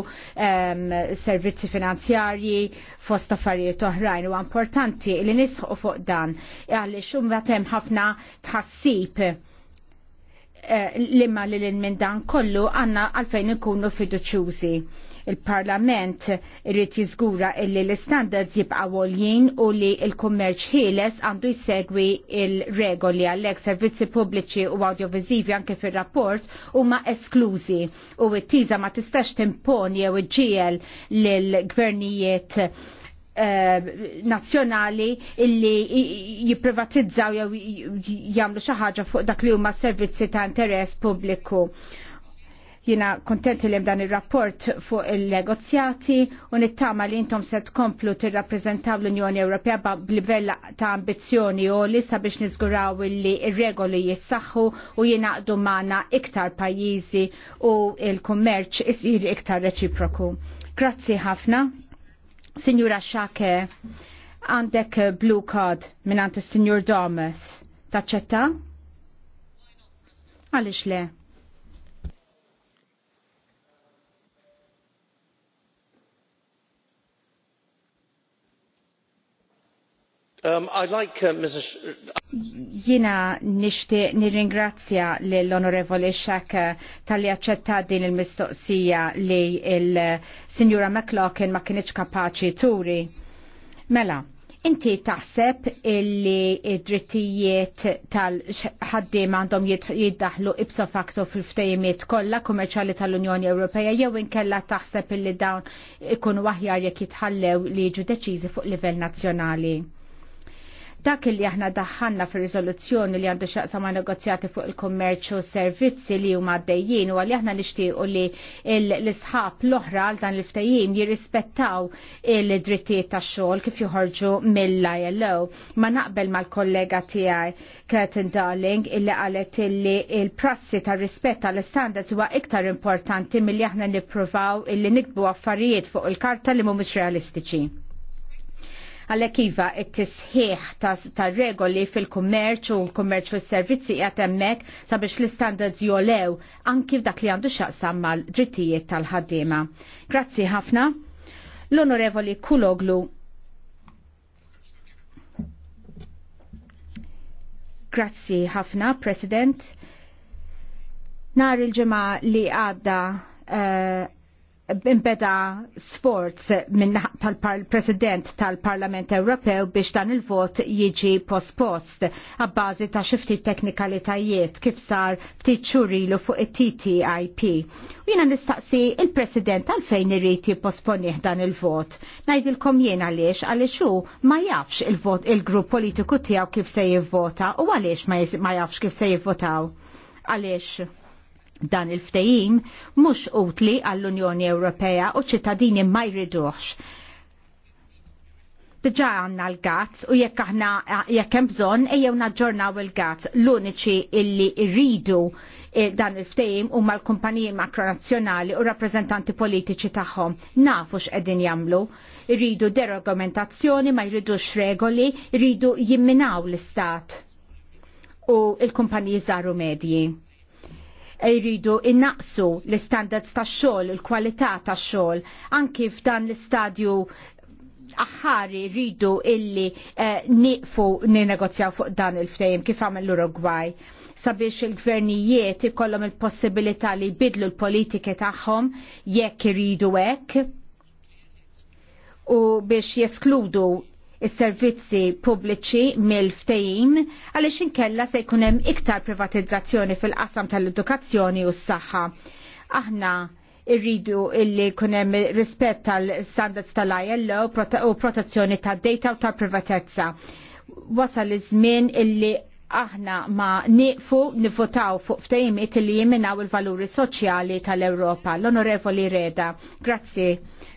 servizzi finanzjarji, fost affarijiet oħrajn u importanti li nisħu fuq dan għalli xum hemm ħafna tħassib l-imma eh, li l-min dan kollu għanna għalfejn ikunu fiduċjużi. Il-Parlament irrit jizgura illi l-standards jibqa' għoljien u li l-kummerċ ħieles għandu jsegwi il-regoli għallek servizzi pubbliċi u audiovizivi anke fil-rapport u ma esklużi u t-tiza ma tistax timponi jew iġiel l-gvernijiet Eh, nazzjonali illi jipprivatizzaw jew jagħmlu xi ħaġa fuq dak li huma servizzi ta' interess pubbliku. Jina kontenti li dan ir rapport fuq il-negozjati u nittama li intom se tkomplu tirrappreżentaw l-Unjoni Ewropea b'livell ta' ambizzjoni u li sabiex niżguraw li ir-regoli jissaħħu u jinaqdu magħna iktar pajjiżi u l kummerċ isir iktar reċiproku. Grazzi ħafna. Signora Shake, għandek blue card minn għant il-Signor Domus. Taċċetta? Għalix le? Um, uh, Jina nishti nirringrazzja l-Onorevoli Shaq uh, tal-li accetta din il-mistoqsija li il-Sinjura McLaughlin ma kienieċ kapaċi turi. Mela, inti taħseb illi id-drittijiet tal-ħaddim għandhom jiddaħlu ipso facto fil-ftejimiet kollha kummerċali tal-Unjoni Ewropea jew inkella taħseb illi dawn ikunu aħjar jekk jitħallew li jiġu deċiżi fuq livell nazzjonali? Dak li aħna daħħanna fir riżoluzzjoni li għandu xaqsa ma' negozjati fuq il-kommerċu servizzi li huma għaddejjin u għalli aħna nixtiequ li l-isħab l-oħra għal dan l-ftajim jirrispettaw il-drittijiet tax-xogħol kif joħorġu mill-ILO. Ma naqbel mal-kollega tiegħi Kretin Darling illi qalet illi il-prassi tar rispett tal standards huwa iktar importanti milli aħna nippruvaw illi nikbu affarijiet fuq il-karta li mhumiex realistiċi. Għalhekk iva it-tisħiħ tar-regoli fil kommerċ u l-kummerċ s servizzi qiegħed hemmhekk sabiex l-istandards jolew anki f'dak li għandu x'aqsam mal-drittijiet tal-ħaddiema. Grazzi ħafna. L-Onorevoli Kuloglu Grazzi ħafna, President. Nar il-ġemma li għadda uh, imbeda sforz minn tal-President tal-Parlament Ewropew biex dan il-vot jiġi post-post għabbażi ta' xifti teknikalitajiet kif sar ftit xurilu fuq it-TTIP. U jina nistaqsi il-President għalfejn irrit jipposponih dan il-vot. Najdilkom jien għaliex għaliex u ma jafx il-vot il-grupp politiku tijaw kif se jivvota u għaliex ma jafx kif se jivvotaw. Għaliex? Dan il-ftejim mhux utli għall-Unjoni Ewropea u ċittadini ma jridux. Diġà għandna l-gazz u jekk aħna jekk hemm bżonn ejjew naġġornaw il-gazz l-uniċi illi rridu eh, dan il-ftehim huma l-kumpaniji makronazzjonali u rappresentanti politiċi tagħhom nafu x'qegħdin jagħmlu. Rridu derogomentazzjoni ma jridux regoli, rridu jimminaw l-istat u l-kumpaniji żaru medji jridu innaqsu l-standards ta' xogħol, il-kwalità ta' xogħol, anki f'dan l-istadju aħħari rridu illi nieqfu eh, niqfu ninegozjaw fuq dan il ftejm kif għamel l-Uruguay sabiex il-gvernijiet ikollhom il-possibilità li jbidlu l-politiki tagħhom jekk iridu hekk u biex jeskludu is-servizzi pubbliċi mill-ftejim għaliex inkella se jkun hemm iktar privatizzazzjoni fil-qasam tal-edukazzjoni u s-saħħa. Aħna irridu illi jkun hemm rispett tal-standards tal-ILO u protezzjoni tad-data u tal-privatezza. Wasal iż-żmien illi aħna ma nifu nifutaw fuq ftejmiet li jiminaw il-valuri soċjali tal-Europa. L-Onorevoli Reda, grazzi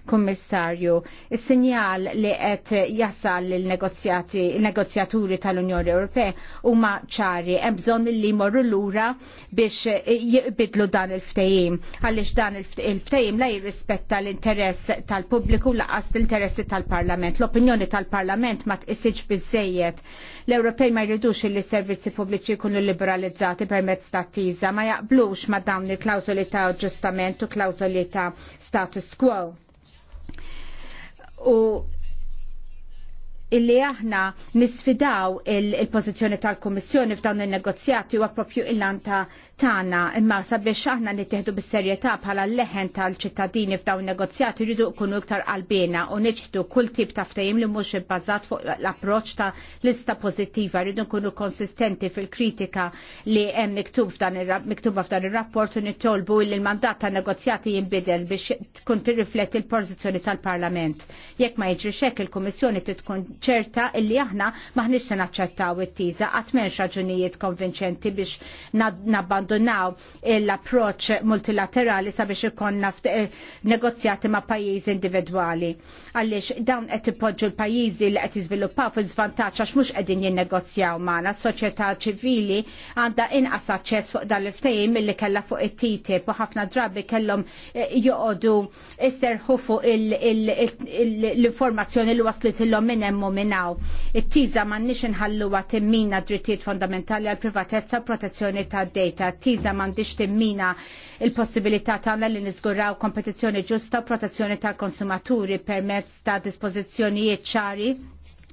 Kommissarju. Il-sinjal li qed jasal il-negozjaturi tal-Unjoni Ewropea huma ċari hemm bżonn li jmorru lura biex jibidlu dan il-ftejim għaliex dan il-ftejim la jirrispetta l-interess tal-pubbliku laqas l-interessi tal-Parlament. L-opinjoni tal-Parlament ma tqisitx biżejjed L-Ewropej ma jridux li s servizzi pubbliċi jkunu liberalizzati permezz ta' tiża ma jaqblux ma dawn il klawzoli ta' ġustament u klawzoli ta' status quo. U illi aħna nisfidaw il-pozizjoni tal-Kommissjoni f'dawn il-negozjati huwa għapropju il-lanta tagħna imma sabiex aħna nittieħdu bis-serjetà bħala leħen tal-ċittadini f'dawn negozjati rridu jkunu iktar qalbina u niġħdu kull tip ta' ftehim li mhux ibbażat fuq l-approċċ ta' lista pożittiva rridu nkunu konsistenti fil-kritika li hemm miktub f'dan miktuba f'dan ir-rapport u nittolbu li l-mandat ta' negozjati jinbidel biex tkun tirrifletti l-pożizzjoni tal-Parlament. Jekk ma jiġri hekk il-Kummissjoni titkun ċerta illi aħna maħniex se naċċettaw it-tiża qatt m'hemmx raġunijiet konvinċenti biex nabbandunaw l-approċċ multilaterali sabiex ikonna eh, negozjati ma' pajjiżi individwali. Għaliex dawn qed ipoġġu l-pajjiżi li qed jiżviluppaw fi żvantaġġ għax mhux qegħdin jinnegozjaw magħna s-soċjetà ċivili għandha inqas aċċess fuq dal-ftehim milli kellha fuq it-TTIP u ħafna drabi kellhom eh, joqogħdu isserħu fuq l-informazzjoni li waslit illhom minn hemm jinnominaw. It-tiża m'għandniex inħalluha timmina drittijiet fondamentali għal privatezza u protezzjoni tad-data. Tiża nix timmina il-possibilità tagħna li niżguraw kompetizzjoni ġusta u protezzjoni tal-konsumaturi permezz ta' dispożizzjonijiet ċari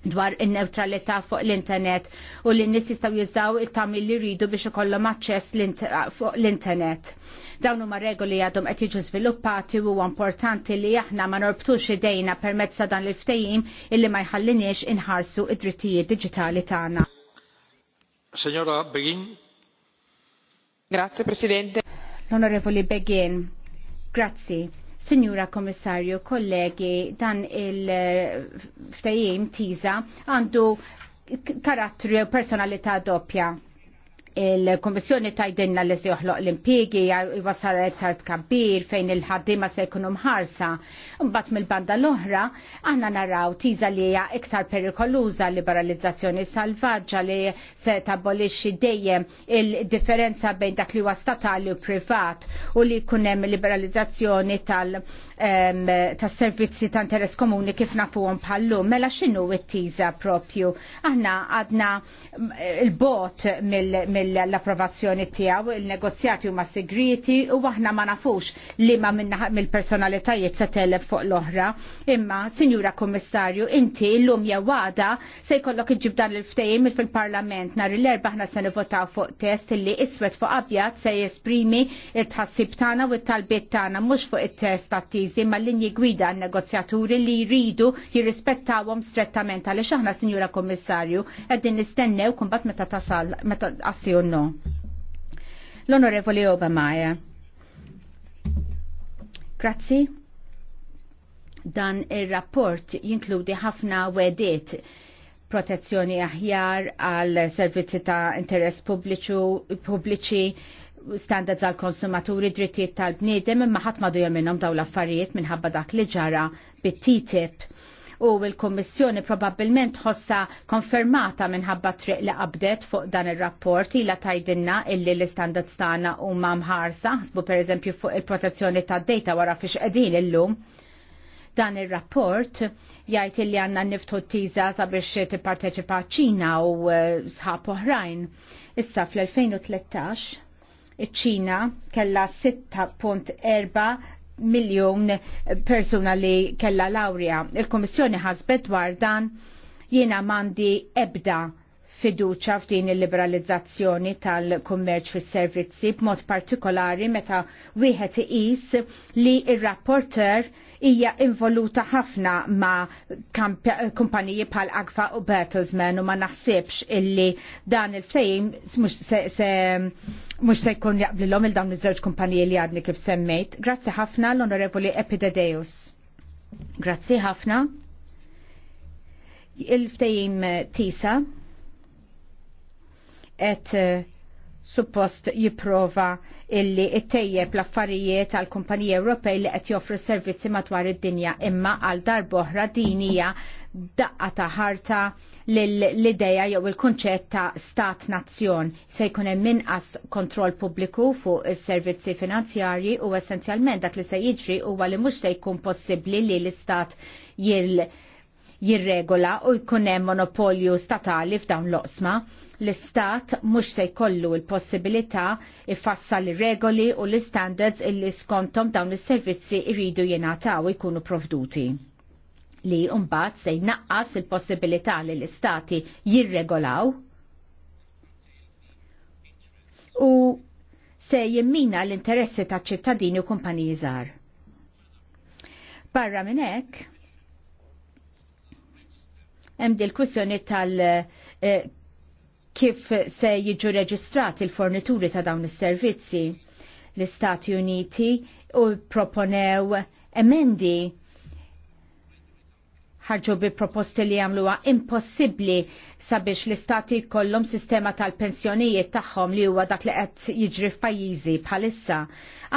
dwar in-neutralità fuq l-internet u li n-nis jistaw jużaw il tamil li rridu biex ikollhom aċċess fuq l-internet. Dawn huma regoli għadhom qed jiġu żviluppati u importanti li aħna ma norbtux idejna permezz dan l-ftehim illi ma jħallinix inħarsu id-drittijiet diġitali tagħna. Signora Begin. Grazie Presidente. L-Onorevoli Begin. Grazie. Signora Kommissarju kollegi, dan il-ftajim tiza għandu karattri u personalità doppja il-Kommissjoni tajdenna li se joħloq l-impiegi wasalet tard kabbir fejn il-ħaddima se jkunu mħarsa. Mbagħad mill-banda l-oħra aħna naraw tiża li hija iktar perikoluża liberalizzazzjoni salvaġġa li se tabolixxi dejjem il-differenza bejn dak li huwa statali u privat u li jkun hemm liberalizzazzjoni tal- tas-servizzi ta' interess komuni kif nafuhom bħallum. Mela x'inhu t-tiża propju? Aħna għadna il-bot mill mill-approvazzjoni tiegħu, il-negozjati huma segreti u aħna ma nafux li ma mill-personalitajiet se telef fuq l-oħra. Imma, Sinjura Kommissarju, inti llum jew għada se jkollok iġib dan il-ftehim fil-Parlament nhar l-erba aħna se nivotaw fuq test li iswed fuq abjad se jesprimi it-tħassib tagħna u t-talbiet tagħna mhux fuq it-test tat-tiżi mal-linji gwida għan-negozjaturi li jridu jirrispettawhom strettament għaliex aħna, Sinjura Kommissarju, qegħdin nistennew kumbat meta tasal meta qassi sì o no. L'onorevole Obamaia. Grazzi. Dan il-rapport jinkludi ħafna wedet protezzjoni aħjar għal servizzi ta' interess pubbliċi, standards għal konsumaturi, drittijiet tal-bniedem, imma ħadd dujem minnhom daw l-affarijiet minħabba dak li ġara bit-TTIP u l-Kommissjoni probabbilment ħossa konfermata minħabba triq li qabdet fuq dan ir-rapport ila tajdinna illi l-istandards tagħna huma mħarsa, ħsbu pereżempju fuq il-protezzjoni tad-data wara fiex qegħdin illum dan il-rapport jgħid li għanna niftu t-tiza sabiex t-parteċipa ċina u eh, sħab oħrajn. Issa fl-2013 iċ ċina kella 6.4 miljon persuna li kella lawrja. Il-Komissjoni ħasbet dwar dan jiena mandi ebda fiduċa f'din il-liberalizzazzjoni tal-kummerċ fis servizzi b'mod partikolari meta wieħed iqis li ir-rapporter hija involuta ħafna ma' kumpaniji bħal Agfa u Bertelsmann u ma naħsibx illi dan il-fejm mhux se, mux se jkun jaqblilhom il-dawn iż-żewġ kumpaniji li għadni kif semmejt. Grazzi ħafna l-Onorevoli Epidedeus. Grazzi ħafna. Il-ftejim tisa et eh, suppost jiprova illi ittejjeb l-affarijiet għal kumpaniji Ewropej li qed joffru servizzi madwar id-dinja imma għal darboħra din hija daqqa ta' ħarta l-ideja jew il-kunċett ta' stat nazzjon se jkun hemm inqas kontroll pubbliku fuq is-servizzi finanzjarji u essenzjalment dak li se jiġri huwa li mhux se jkun possibbli li l-istat jirregola u jkun hemm monopolju statali f'dawn l-oqsma l-istat mhux se jkollu l-possibilità ifassal regoli u l-standards illi skontom dawn is-servizzi jridu jingħataw ikunu provduti li mbagħad se jnaqqas il-possibilità li l-istati jirregolaw u se jimmina l-interessi ta' ċittadini u kumpaniji żgħar. Barra minn hekk hemm il kwissjoni tal- eh, kif se jiġu reġistrat il-fornituri ta' dawn is-servizzi. L-Istati Uniti u proponew emendi ħarġu bi proposti li għamluwa impossibli sabiex l-istati kollom sistema tal-pensjonijiet tagħhom li huwa dak li qed jiġri f'pajjiżi bħalissa.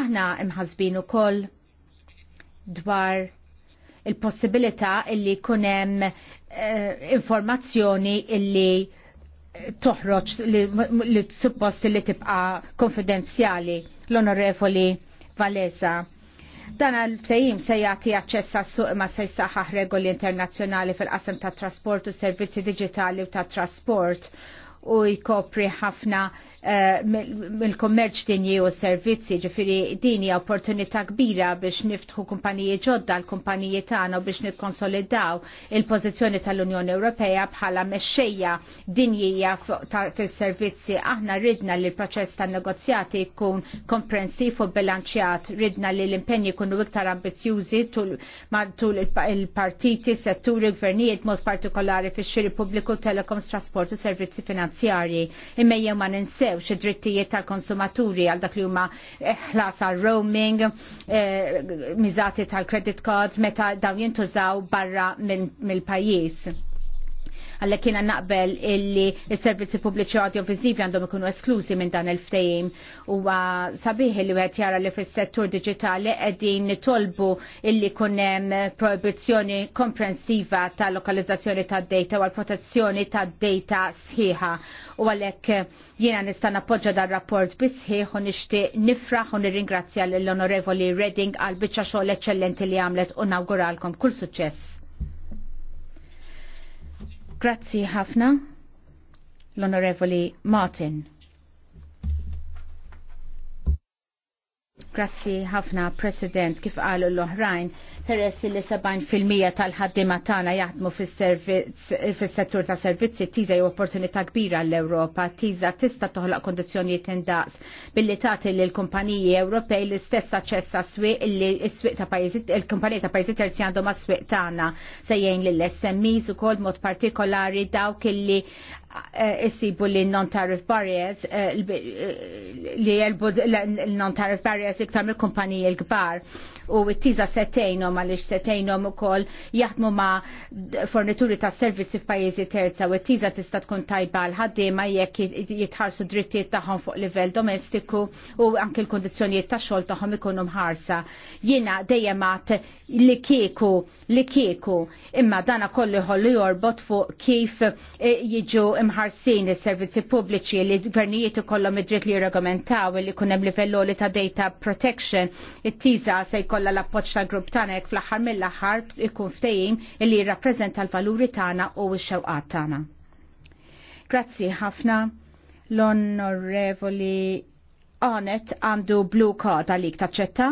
Aħna imħasbin ukoll dwar il-possibilità illi kunem eh, informazzjoni illi toħroċ li suppost li tibqa konfidenzjali l-onorevoli Valesa. Dan għal-fejim se jagħti aċċess s suq ma se jsaħħaħ regoli internazzjonali fil-qasam tat trasport u servizzi diġitali u tat trasport u jkopri ħafna eh, mill-kommerċ dinji u servizzi ġifiri dini opportunità kbira biex niftħu kumpaniji ġodda l-kumpaniji tagħna u biex nikkonsolidaw il-pożizzjoni tal-Unjoni Ewropea bħala mexxejja dinjija fis-servizzi. Aħna ridna li l-proċess tan-negozjati jkun komprensiv u bilanċjat, ridna li l-impenji jkunu iktar ambizjużi tul il-partiti, setturi, gvernijiet mod partikolari fix-xiri pubbliku, telekoms, trasport u servizzi finanzjari finanzjarji imma jew ma ninsewx id-drittijiet tal-konsumaturi għal dak li huma eh, ħlas għal roaming, eh, miżati tal-credit cards meta dawn jintużaw barra mill-pajjiż għalla kiena naqbel illi s-servizzi pubbliċi audiovisivi għandhom ikunu esklużi minn dan il-ftejim u sabiħ li għet jara li fil-settur digitali għedin nitolbu illi kunem proibizjoni komprensiva ta' lokalizzazzjoni ta' data u għal-protezzjoni ta' data sħiħa u għalek jiena nista' nappoġġa dar rapport bisħiħ u nixtieq nifraħ u nirringrazzja l-Onorevoli Redding għal bicċa xogħol eċċellenti li għamlet u nawguralkom kull suċċess. Grazzi ħafna, l-Onorevoli Martin. Grazzi ħafna, President, kif qalu l-oħrajn peress li 70% tal-ħaddima tagħna jaħdmu fis-settur ta' servizzi tiża jew opportunità kbira l-Ewropa tiża tista' toħloq kondizzjonijiet indaqs billi tagħti lil kumpaniji Ewropej l-istess aċċess għas-swieq li s-swieq ta' pajjiżi il-kumpaniji ta' pajjiżi terzi għandhom għas-swieq tagħna se jgħin lill-SMEs ukoll mod partikolari dawk illi jisibu eh, li non-tariff barriers eh, eh, li jelbu non-tariff barriers iktar mill-kumpaniji l-kbar u t-tiza settejn tagħhom għaliex se u ukoll jaħdmu ma' fornituri ta' servizzi f'pajjiżi terza u t-tiża tista' tkun tajba l ħaddiema jekk jitħarsu drittijiet tagħhom fuq livell domestiku u anke l-kundizzjonijiet tax-xogħol tagħhom ikunu mħarsa. Jiena dejjem għat li kieku li kieku imma dana kollu ħollu jorbot fuq kif eh, jiġu imħarsin il servizzi pubbliċi li gvernijiet ikollhom id-dritt li jirregomentaw li kunem livello li ta' data protection it-tiża se jkollha l-appoġġ grupp tanek bekk fl-aħħar mill-aħħar ikun ftejim illi jirrappreżenta l-valuri tagħna u x-xewqat tagħna. Grazzi ħafna l-Onorevoli Onet għandu blu kod għalik taċċetta?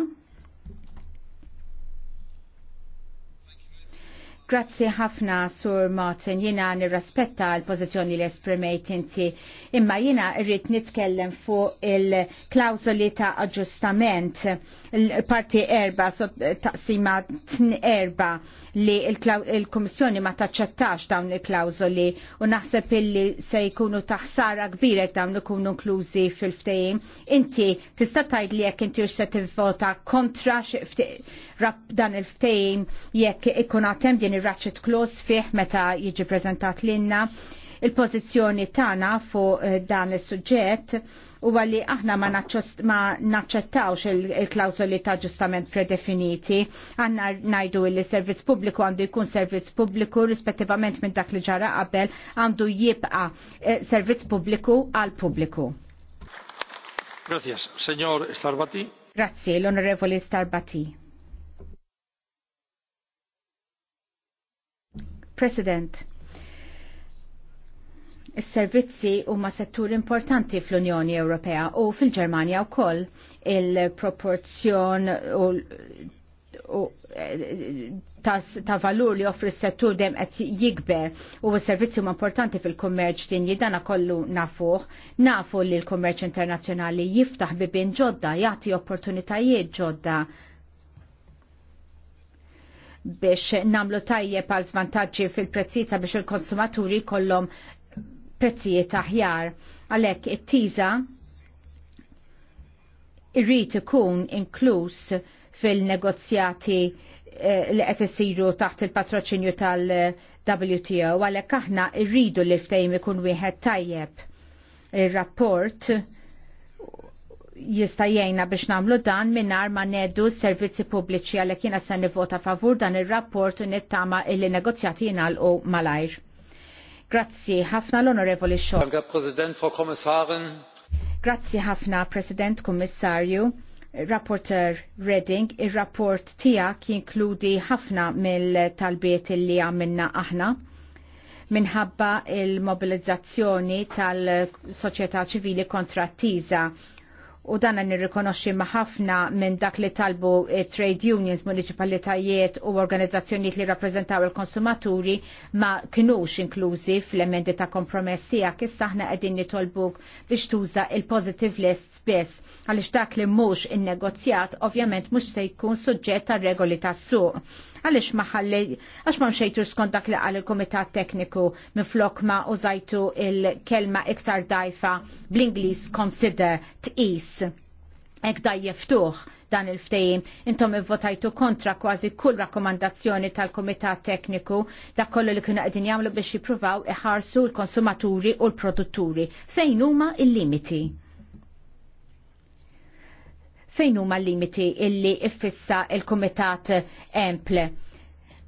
Grazzi ħafna, Sur Martin, jina nirraspetta l-pozizjoni li esprimejt inti, imma jina rrit nitkellem fuq il-klawzoli ta' aġustament, l-parti erba, so, taqsima erba li il-Komissjoni ma taċċettax dawn il-klawzoli u naħseb illi se jkunu taħsara kbirek dawn ikunu inklużi fil-ftejim. Inti tista' tgħid li jekk inti se tivvota kontra dan il-ftejim jekk ikun għatem din ratchet clause fih meta jiġi prezentat l-inna il-pozizjoni tana fu eh, dan il-sujġet u għalli aħna ma naċċettawx il-klawzoli ta' ġustament predefiniti. Għanna najdu il servizz pubbliku għandu jkun servizz pubbliku rispettivament minn dak li ġara qabel għandu jibqa eh, servizz pubbliku għal pubbliku. Grazie, signor Starbati. Grazie, l-onorevoli Starbati. President, Is-servizzi huma settur importanti fl-Unjoni Ewropea u fil-Ġermanja wkoll il-proporzjon u, u ta, ta' valur li offri s-settur dem qed jikber u s-servizzi huma importanti fil-kummerċ dinji dana kollu nafuh, nafu li l-kummerċ internazzjonali jiftaħ bibien ġodda, jagħti opportunitajiet ġodda biex namlu tajjeb għal zvantaġġi fil-prezzijiet biex il-konsumaturi kollom prezzijiet aħjar. Għalhekk it-tiża irrid ikun inkluż fil-negozjati eh, li qed isiru taħt il-patroċinju tal-WTO għalhekk aħna rridu li ftehim ikun wieħed tajjeb. Ir-rapport jista' jgħajna biex nagħmlu dan mingħajr ma neddu s-servizzi pubbliċi għalhekk jiena se nivvota favur dan ir-rapport u nittama li negozjati jingħalqu malajr. Grazzi ħafna l-Onorevoli Xogħol. Danke President, Frau Kommissarin. Grazzi ħafna President Kummissarju. Rapporter Redding, ir-rapport tiegħek jinkludi ħafna mill-talbiet li għamilna aħna minħabba il-mobilizzazzjoni tal-soċjetà ċivili kontra t-tiża u dan nirrikonoxxi ma' ħafna minn dak li talbu trade unions, municipalitajiet u organizzazzjonijiet li rappresentaw il-konsumaturi ma kinux inklużi fl-emendi ta' kompromess tiegħek issa aħna qegħdin nitolbuk biex tuża il-positive list spess għaliex dak li mhux innegozjat ovvjament mhux se jkun suġġett ta' regoli tas-suq għaliex ma ħallej għax ma mxejtu skont dak li qal il-Kumitat Tekniku minflok ma użajtu il-kelma iktar dajfa bl inglis consider t-is. Ek dajjef dan il-ftejim. Intom ivvotajtu kontra kważi kull rakkomandazzjoni tal-Komitat Tekniku da kollu li kienu qegħdin jagħmlu biex jippruvaw iħarsu l-konsumaturi u l-produtturi. Fejn huma il-limiti? fejn huma l-limiti illi iffissa il-Kumitat Emple.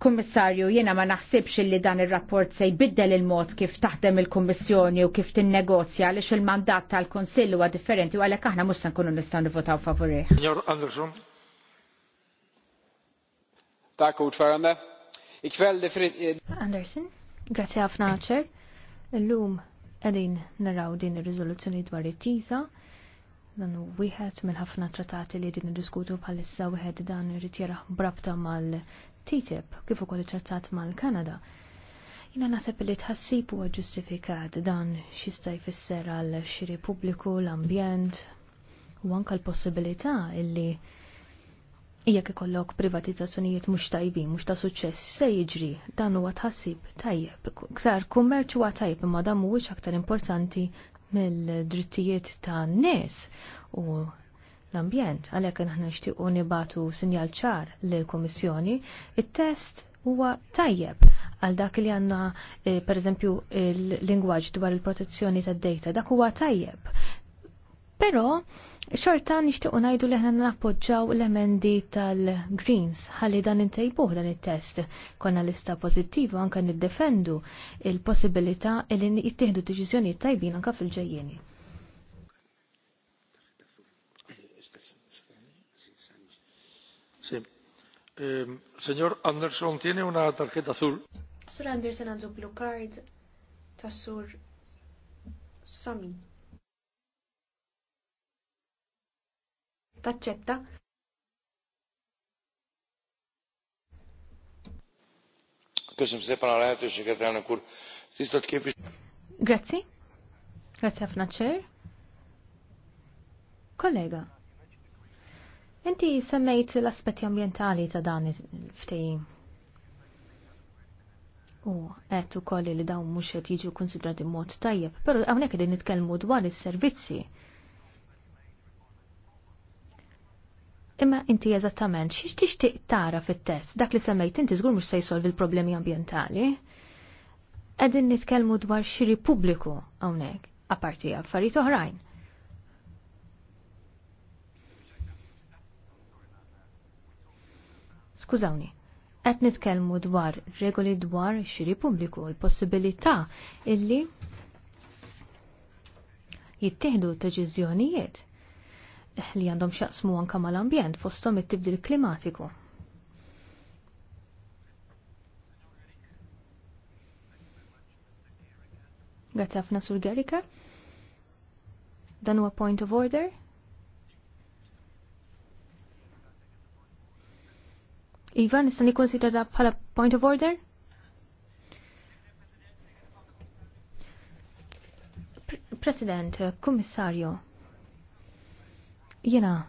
Kummissarju, jiena ma naħsibx li dan ir-rapport se jbiddel il-mod kif taħdem il-Kummissjoni u kif tinnegozja għaliex il-mandat tal-Kunsill huwa differenti u għalhekk aħna mhux se nkunu nistgħu nivotaw favorih. Signor Anderson. Tak, ordförande. Ikväll det Anderson, grazie ħafna ċer. Illum qegħdin naraw din ir-riżoluzzjoni dwar it-tisa dan wieħed mill ħafna trattati li din diskutu bħalissa wieħed dan irid jaraħ brabta mal-TTIP kif ukoll it-trattat mal-Kanada. Jina naħseb li tħassib huwa ġustifikat dan xista jfisser għal xiri pubbliku, l-ambjent u anka l-possibilità illi jekk ikollok privatizzazzjonijiet mhux tajbin, mhux ta' suċċess, se jiġri dan huwa tħassib tajjeb. Ktar kummerċ huwa tajjeb imma dan mhuwiex aktar importanti mill-drittijiet ta' n-nies u l-ambjent. Għalhekk aħna nixtiequ nibatu sinjal ċar lill-Kummissjoni, it-test huwa tajjeb għal dak li għanna eh, per eżempju l lingwaġġ dwar il-protezzjoni tad data dak huwa tajjeb Pero, xorta nishtiqu najdu li ħanna appoġġaw l-emendi tal-Greens ħalli dan intejbuh dan il-test. Konna lista pozittiva anka niddefendu il-possibilità li jittieħdu deċiżjoni tajbin anka fil-ġejjeni. Senjor eh, Anderson, tiene una tarjeta azul. Sur Anderson għandu blue card ta' sur Sami. taċċetta. sepan szépen a lehetőséget, għana kur Tisztelt képviselő. Grazie. Grazzi ħafna ċer. Kollega, inti semmejt l-aspetti ambientali ta' dan il-ftejim. U għed ukoll li dawn mhux qed jiġu konsidrati mod tajjeb, però hawnhekk qegħdin nitkellmu dwar is-servizzi Imma inti eżattament xiex tixtieq tara fit-test dak li semmejt inti żgur mhux se jsolvi l-problemi ambjentali. Qegħdin nitkellmu dwar xiri pubbliku hawnhekk, apparti affarijiet oħrajn. Skużawni, qed nitkellmu dwar regoli dwar xiri pubbliku l-possibilità illi jittieħdu deċiżjonijiet li għandhom xaqsmu anka mal-ambjent fostom it-tibdil klimatiku. Grazie ħafna sur Gerika. Dan huwa point of order. Iva, nista' da bħala point of order? President, Commissario. Jena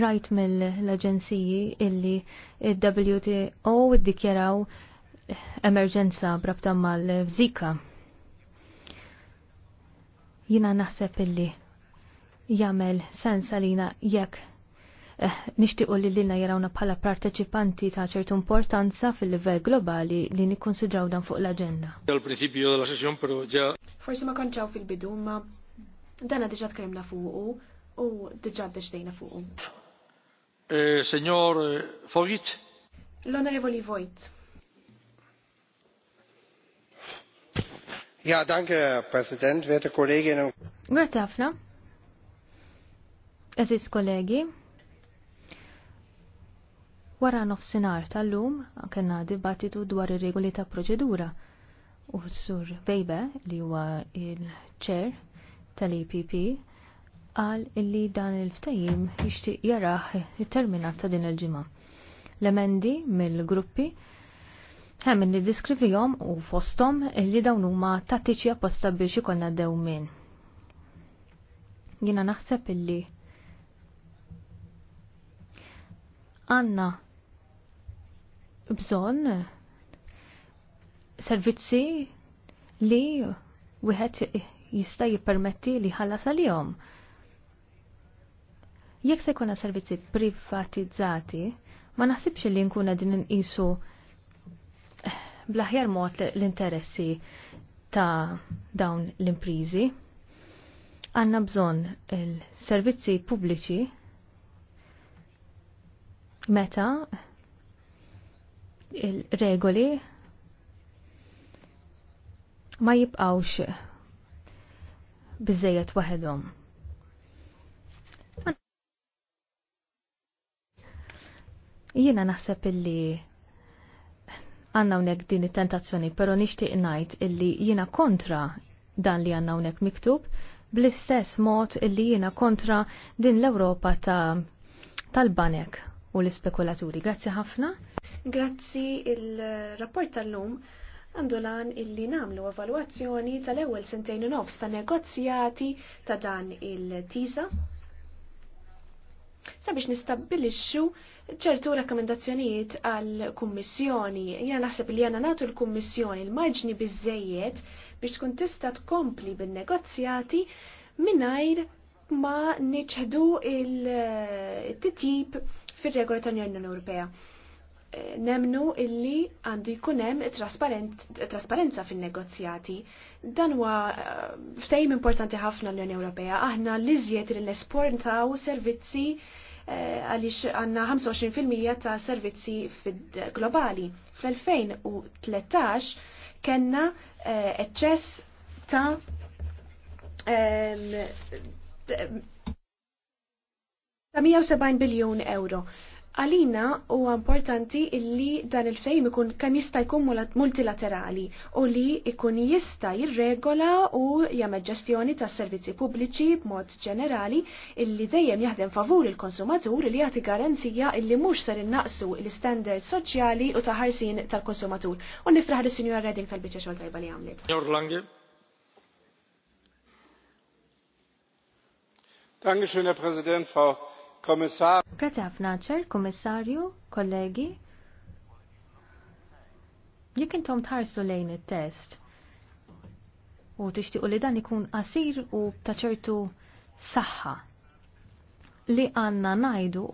rajt mill-aġenziji illi il-WTO iddikjaraw emerġenza brabta mal-Zika. Jina naħseb illi jagħmel sens għalina jekk eh, nixtiequ li lilna jarawna bħala parteċipanti ta' ċertu importanza fil-livell globali li nikkonsidraw dan fuq l agenda Forsi ma konċaw fil-bidu ma Dana diġa tkellimna fuqu u diġa fuq. fuqu. Eh, Senjor eh, Fogit? L-Onorevoli Vojt. Ja, danke, President, werte Kolleginnen und Grazie ħafna. Eżis kollegi, wara nofsinhar tal-lum kena dibattitu dwar ir-regoli ta' proċedura u sur Bejbe li huwa il-ċer tal-EPP qal illi dan il-ftajim jixtieq jaraħ jitterminat ta' din il-ġimgħa. L-emendi mill-gruppi hemm li diskrivihom u fosthom illi dawn huma tattiċi apposta biex ikollna dewmien. Jiena naħseb illi għandna bżonn servizzi li wieħed jista' jippermetti li ħallas għalihom. Jekk se jkollna servizzi privatizzati, ma naħsibx li nkun din nqisu eh, blaħjar mod l-interessi ta' dawn l-imprizi. Għanna bżon il-servizzi pubbliċi meta il-regoli ma jibqawx bizzejet waħedhom. Jiena naħseb illi għanna unek din it-tentazzjoni, pero nixtieq ngħid illi jiena kontra dan li għanna unek miktub, bl-istess mod illi jiena kontra din l-Ewropa ta' tal-banek u l-spekulaturi. Grazzi ħafna. Grazzi il-rapport tal-lum għandu lan illi namlu evalwazzjoni tal-ewwel sentejn nofs ta' negozjati ta' dan il-tisa sabiex nistabilixxu ċertu rakkomendazzjonijiet għal kummissjoni. Jena naħseb li jena natu l-kummissjoni l-marġni biżejjed biex tkun tista' tkompli bin-negozjati mingħajr ma niċħdu il-titjib fir-regola tal-Unjoni Ewropea nemnu illi għandu jkun hemm trasparenza fin-negozjati. Dan huwa eh, ftehim importanti ħafna l-Unjoni Ewropea. Aħna li żjed li nesportaw servizzi eh, għaliex għandna 25% ta' servizzi globali. Fl-2013 kellna eh, eċċess ta' ta' 170 biljun euro. Għalina huwa importanti illi dan il-fejm ikun kemm jista' jkun multilaterali u li ikun jista' jirregola u jagħmel ġestjoni tas servizzi pubbliċi b'mod ġenerali illi dejjem jaħdem favur il-konsumatur li jagħti garanzija illi mhux ser innaqsu l-standard soċjali u ta' ħarsin tal-konsumatur. U nifraħ lis-Sinjora Redin tal-biċċa xogħol tajba li għamlet. Dankeschön, Herr Präsident, Frau Kommissar. Grazie ħafna ċer, kommissarju, kollegi. Jekk intom tħarsu lejn it-test u t-ixtiqu li dan ikun qasir u ta' ċertu saħħa li għanna najdu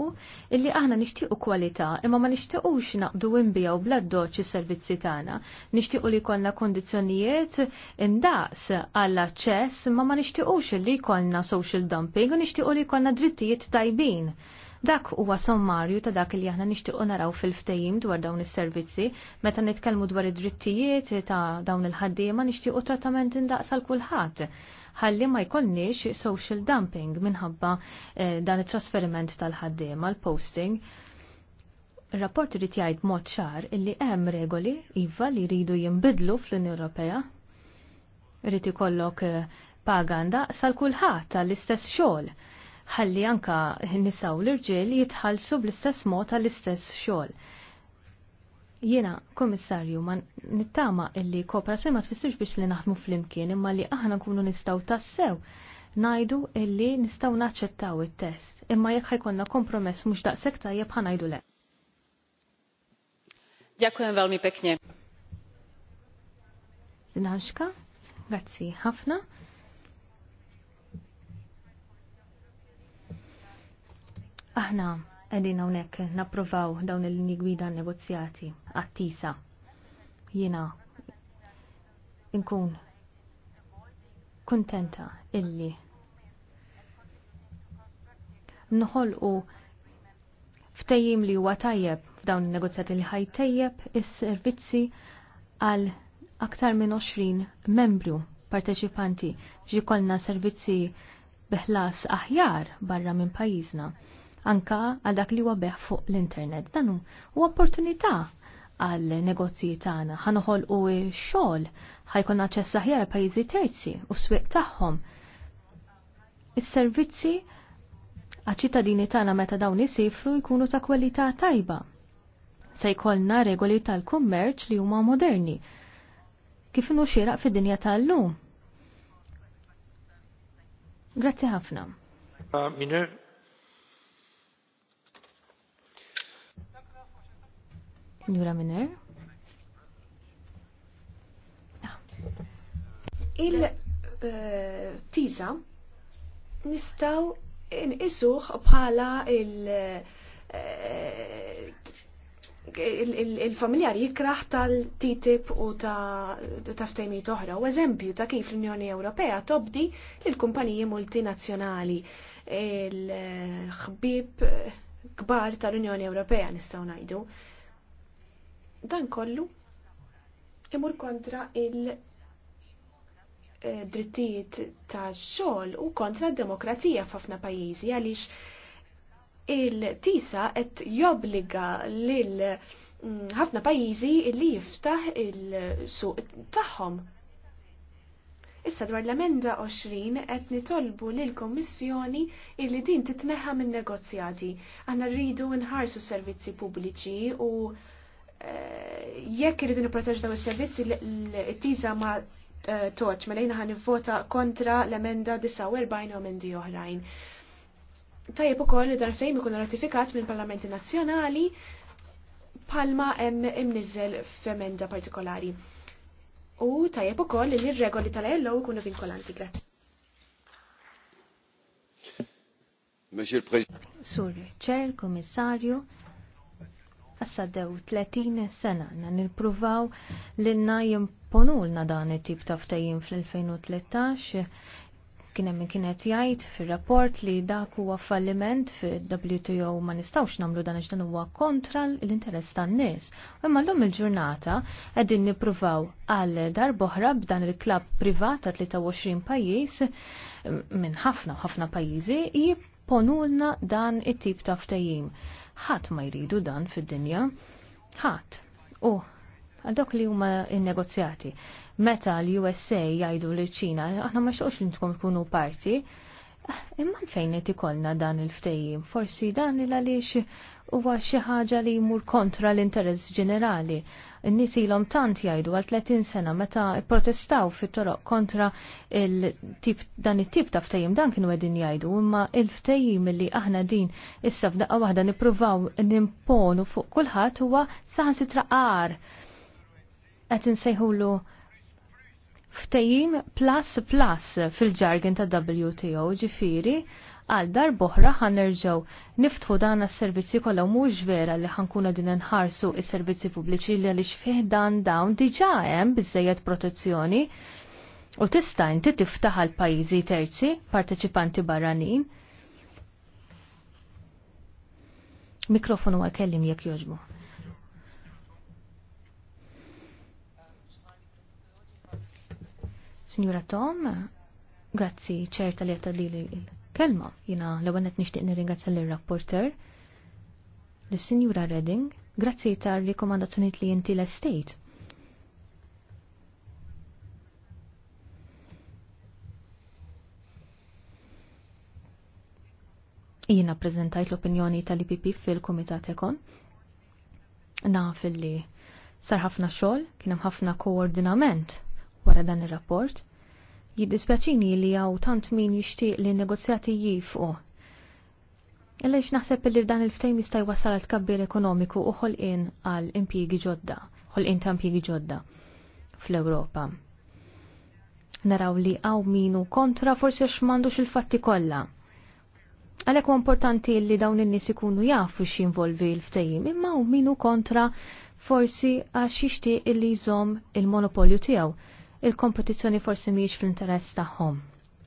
illi aħna nixtiequ kwalità imma ma nixtiequx naqdu imbijaw bla doċ is-servizzi tagħna. Nixtiequ li jkollna kondizzjonijiet indaqs għall aċċess imma ma nixtiequx li jkollna social dumping u nixtiequ li jkollna drittijiet tajbin. Dak huwa sommarju ta' dak li aħna nixtiequ naraw fil-ftehim dwar dawn is-servizzi meta nitkellmu dwar id-drittijiet ta' dawn il-ħaddiema nixtiequ trattament indaqs għal kulħadd ħalli ma jkollniex social dumping minħabba eh, dan it-trasferiment tal-ħaddiema għall posting rapport irid jgħid mod ċar illi hemm regoli iva li jridu jinbidlu fl-Unjoni Ewropea. Irid ikollok eh, paganda sal kulħadd tal-istess xogħol ħalli anka nisaw l-irġiel jitħallsu bl-istess mod tal-istess xogħol Jiena, komissarju, ma nittama illi kooperazzjoni ma tfissirx biex li naħdmu fl-imkien, imma li aħna nkunu nistaw tassew najdu illi nistaw naċċettaw it-test, imma jekk ħajkonna kompromess mhux daqshekk tajjeb ħanajdu le. Dziękuję velmi peknie. Znaxka, grazzi ħafna. Aħna, għedin hawnhekk napprovaw dawn il-linji gwida negozjati għattisa. jina Jiena inkun kuntenta illi nħolqu ftejjim li huwa tajjeb f'dawn in-negozjati li tajjeb is-servizzi għal aktar minn 20 membru parteċipanti ġikolna servizzi beħlas aħjar barra minn pajjiżna anka għal dak li huwa beħ fuq l-internet. Dan u opportunità għal negozji tagħna ħanoħol u xogħol ħajkun aċċess aħjar pajjiżi terzi u swieq tagħhom. Is-servizzi għaċ-ċittadini tagħna meta dawn isifru jkunu ta' kwalità tajba. Se jkollna regoli tal-kummerċ li huma moderni kif inhu xieraq fid-dinja tal-lum. Grazzi ħafna. Uh, Njura Miner. Il-tisa eh, nistaw nqisuh bħala eh, il-familjar jikraħ tal-TTIP u ta' taftajmiet oħra u eżempju ta' kif l-Unjoni Ewropea tobdi l-kumpaniji multinazzjonali il-ħbib kbar tal-Unjoni Ewropea nistaw najdu. Dan kollu imur kontra il- eh, drittijiet ta' xogħol u kontra d-demokrazija f'ħafna pajjiżi għaliex il-tisa qed jobbliga lil mm, ħafna pajjiżi li jiftaħ il-suq tagħhom. Issa dwar l-emenda 20 qed nitolbu lil kommissjoni illi din titneħħa minn negozjati. Aħna rridu nħarsu servizzi pubbliċi u Eh, jekk irridu nipproteġu dawn is-servizzi it-tisa ma eh, toċ mela ħan nivvota kontra l-emenda 49 u emendi oħrajn. Tajjeb ukoll li dan ftehim ikun ratifikat minn parlamenti nazzjonali palma hemm imniżel f'emenda partikolari. U tajjeb ukoll li r-regoli tal-ILO jkunu vinkolanti. Grazzi. Monsieur le Président. Sur ċer, Komissarju, Sa dew 30 sena na nipruvaw li na jimponulna dan it-tip ta' ftajim fl-2013 kien hemm kienet jgħid fir-rapport li dak huwa falliment fil-WTO ma nistgħux nagħmlu dan għax dan huwa kontra l-interess tan-nies. Imma llum il-ġurnata qegħdin nippruvaw għal darb'oħra b'dan il-klabb privat ta' 23 pajjiż mm, minn ħafna ħafna pajjiżi ponulna dan it-tip ta' ftajim. Ħadd ma jridu dan fid-dinja. Ħadd. U għal dak li huma n-negozjati. Meta l-USA jgħidu l-Ċina, aħna ma xoqx li tkun ikunu parti, Imma fejn qed ikollna dan il-ftejjim, forsi dan il għaliex huwa xi ħaġa li jmur kontra l-interess ġenerali. N-nies ilhom tant jgħidu għal 30 sena meta protestaw fit-toroq kontra il-tip dan it-tip ta' ftejjim dan kienu qegħdin jgħidu, imma il-ftejjim li aħna din issa f'daqqa waħda nippruvaw nimponu fuq kulħadd huwa saħan sitraqar qed insejħulu ftejim plus plus fil-ġargin ta' WTO ġifiri għal dar boħra ħanerġaw niftħu dan s-servizzi kollha mhux vera li ħankuna din nħarsu is-servizzi pubbliċi li għaliex fih dan dawn diġà hemm biżejjed protezzjoni u tista' inti tiftaħ għal pajjiżi terzi parteċipanti barranin. Mikrofonu għal kellim jekk joġbu. Signora Tom, grazzi ċerta li għattad li l-kelma. Jina l-għanet nishtiq nirringazzja l-rapporter, l-Signora Redding, grazzi ta' rikomandazzjoniet li jinti l-estate. Jina prezentajt l-opinjoni tal-IPP fil-Komitat Ekon. Naf li sar ħafna xogħol, kien hemm ħafna koordinament wara dan ir-rapport. Jiddispjaċini li għaw tant min jixtieq li negozjati jifqu. Għaliex naħseb li dan il-ftejm jista' jwassal għal tkabbir ekonomiku u ħolqien għal impjiegi ġodda, ħolqien ta' impjiegi ġodda fl-Ewropa. Naraw li għaw minu kontra forse x'mandux il-fatti kollha. Għalek importanti li dawn in-nies ikunu jafu x'involvi l-ftehim, imma hu minu kontra forsi għax jixtieq li jżomm il-monopolju tiegħu il-kompetizzjoni forsi miex fl-interess tagħhom.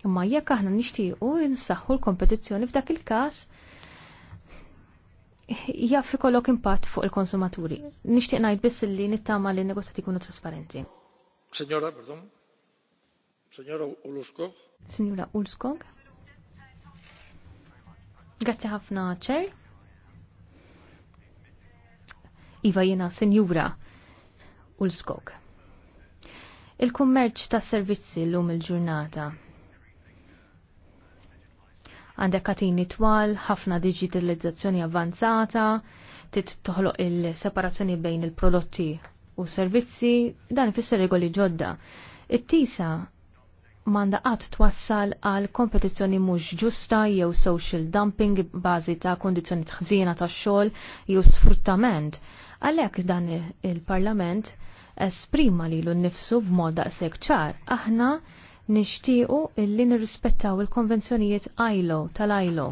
Imma jekk aħna nixtiequ nsaħħu l-kompetizzjoni f'dak il-każ jaf ikollok impatt fuq il-konsumaturi. Nixtieq ngħid biss li nittama li n-negozjati jkunu trasparenti. Signora, pardon. Signora Uluskog. Signora Uluskog. Grazzi ħafna ċer. Iva jena Sinjura Ulskog il-kummerċ ta' servizzi l-lum il-ġurnata. Għandek katini twal, ħafna digitalizzazzjoni avanzata, tit toħloq il-separazzjoni bejn il-prodotti u servizzi, dan ifisser regoli ġodda. It-tisa manda qatt twassal għal kompetizzjoni mhux ġusta jew social dumping bażi ta' kondizjoni tħżina tax xogħol jew sfruttament. Għalhekk dan il-Parlament il parlament esprima li l-nifsu b'mod daqshekk ċar. Aħna nixtiequ illi nirrispettaw il-konvenzjonijiet ILO tal-ILO.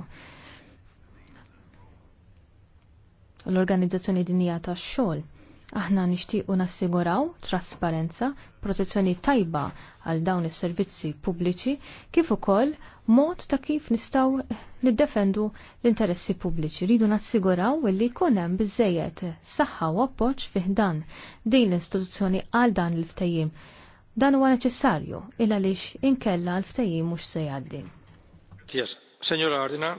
L-Organizzazzjoni Dinija tax-Xogħol Aħna nixtiequ nassiguraw trasparenza, protezzjoni tajba għal dawn is-servizzi pubbliċi kif ukoll mod ta' kif nistgħu niddefendu l-interessi pubbliċi. Ridu nassiguraw li jkun hemm biżejjed saħħa u appoġġ fih dan din l-istituzzjoni għal dan l-ftehim. Dan huwa neċessarju il għaliex inkella l-ftehim mhux se jgħaddi. Yes. Senjora Arena.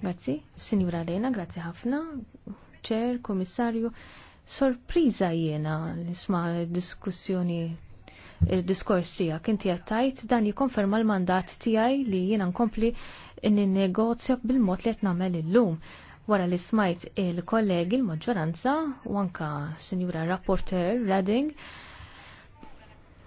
Grazzi, Sinjura Arena, grazzi ħafna ċer, komissarju, sorpriza jiena nisma diskussjoni il-diskors eh, tija. Kinti għattajt dan jikonferma l-mandat tijaj li jiena nkompli n-negozja bil-mod li jtnamel il-lum. Wara li smajt il-kollegi l-maġġoranza, u senjura Sinjura Rapporter Redding,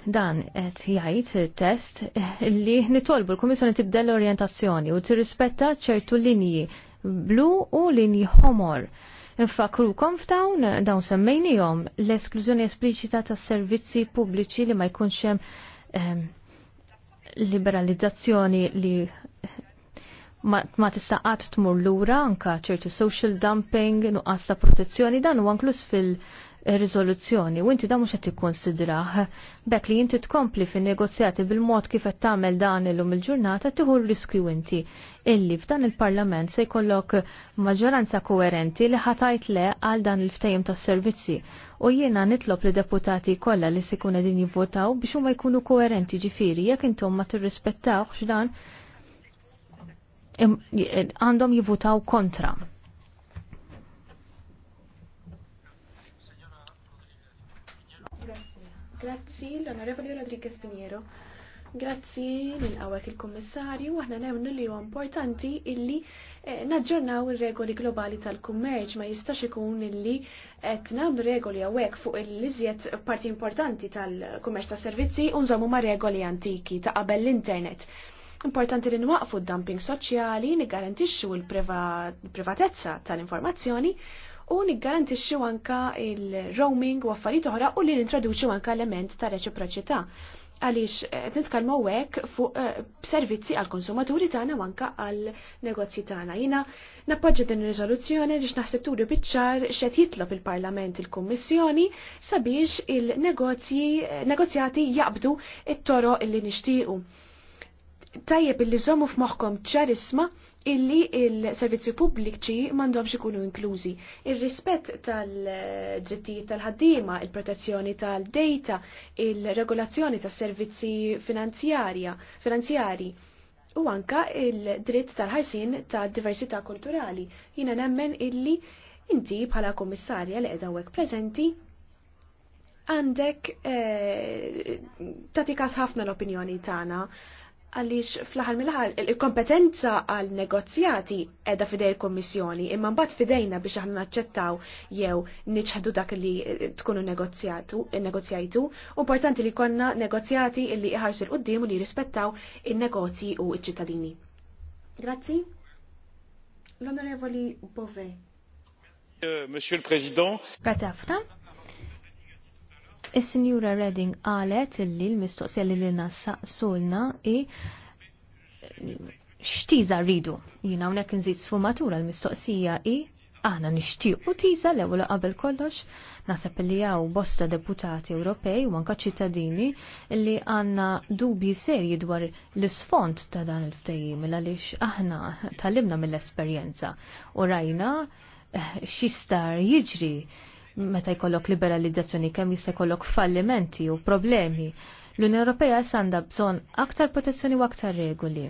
dan qed jgħid test li nitolbu l-Kummissjoni tibdel l-orjentazzjoni u tirrispetta ċertu linji blu u linji homor Infakrukom f'dawn dawn jom l-esklużjoni espliċita ta' servizzi pubbliċi li ma jkunx hemm ehm, liberalizzazzjoni li ma, tista' qatt tmur lura anka ċertu social dumping, nuqqas ta' protezzjoni dan huwa inkluż fil- riżoluzzjoni u inti da mhux qed tikkonsidrah bekk li inti tkompli fin-negozjati bil-mod kif qed tagħmel dan illum il-ġurnata tieħu riskju inti illi f'dan il-Parlament se jkollok maġġoranza koerenti li ħatajt le għal dan il ftajim tas-servizzi u jiena nitlob li deputati kollha li se jkun qegħdin jivvotaw biex huma jkunu koerenti ġifieri jekk intom ma tirrispettawx dan għandhom jivvotaw kontra. Grazzi l-Onorevoli Rodriguez Piniero. Grazzi l-għawek il-Kommissarju, aħna nemnu li huwa importanti illi eh, naġġornaw ir-regoli globali tal-kummerċ ma jistax ikun illi qed nagħmlu regoli hawnhekk fuq il liżjed parti importanti tal-kummerċ ta' servizzi u ma' regoli antiki ta' qabel l-internet. Importanti li nwaqfu d-dumping soċjali, nigarantixxu l-privatezza tal-informazzjoni u niggarantixxu anka il-roaming u affarijiet oħra u li nintroduċu anka element ta' reċiproċità għaliex eh, qed nitkellmu hekk fuq eh, servizzi għall konsumaturi tagħna u anke għal negozji tagħna. Jiena nappoġġa din ir-riżoluzzjoni biex naħseb turi biċ-ċar x'qed jitlob il-Parlament il-Kummissjoni sabiex il-negozji eh, negozjati jaqbdu it-toro li nixtiequ. Tajjeb illi żommu f'moħħkom ċarisma' illi il-servizzi pubbliċi mandomx ikunu inklużi. Ir-rispett tal-drittijiet tal-ħaddiema, il-protezzjoni tal-data, il-regolazzjoni tas-servizzi finanzjarja, finanzjari u anka il-dritt tal-ħarsin tad-diversità kulturali. Jina nemmen illi inti bħala komissarja li qiegħda preżenti għandek eh, tatikas ħafna l-opinjoni tagħna għaliex fl-ħal mill-ħal il-kompetenza għal negozjati edha fidej il-Kommissjoni imma mbagħad fidejna biex aħna naċċettaw jew niċħdu dak li tkunu negozjatu negozjajtu importanti li konna negozjati li iħarsu l qudiem u li rispettaw in-negozji u ċ-ċittadini. Grazzi. L-Onorevoli Bove. Euh, Monsieur le Président. Grazie Is-Sinjura Redding qalet illi l-mistoqsija li l-na saqsulna i xtiza rridu. Jina unek nżid sfumatura l-mistoqsija i aħna nixtieq u tiża l-ewwel qabel kollox naħseb li għaw bosta deputati Ewropej u anke ċittadini li għandna dubji serji dwar l-isfond ta' dan il-ftehim għaliex aħna talimna mill-esperjenza u rajna eh, x'jista' jiġri meta jkollok liberalizzazzjoni kemm jista' jkollok fallimenti u problemi. L-Unjoni Ewropea għandha bżonn aktar protezzjoni u aktar regoli.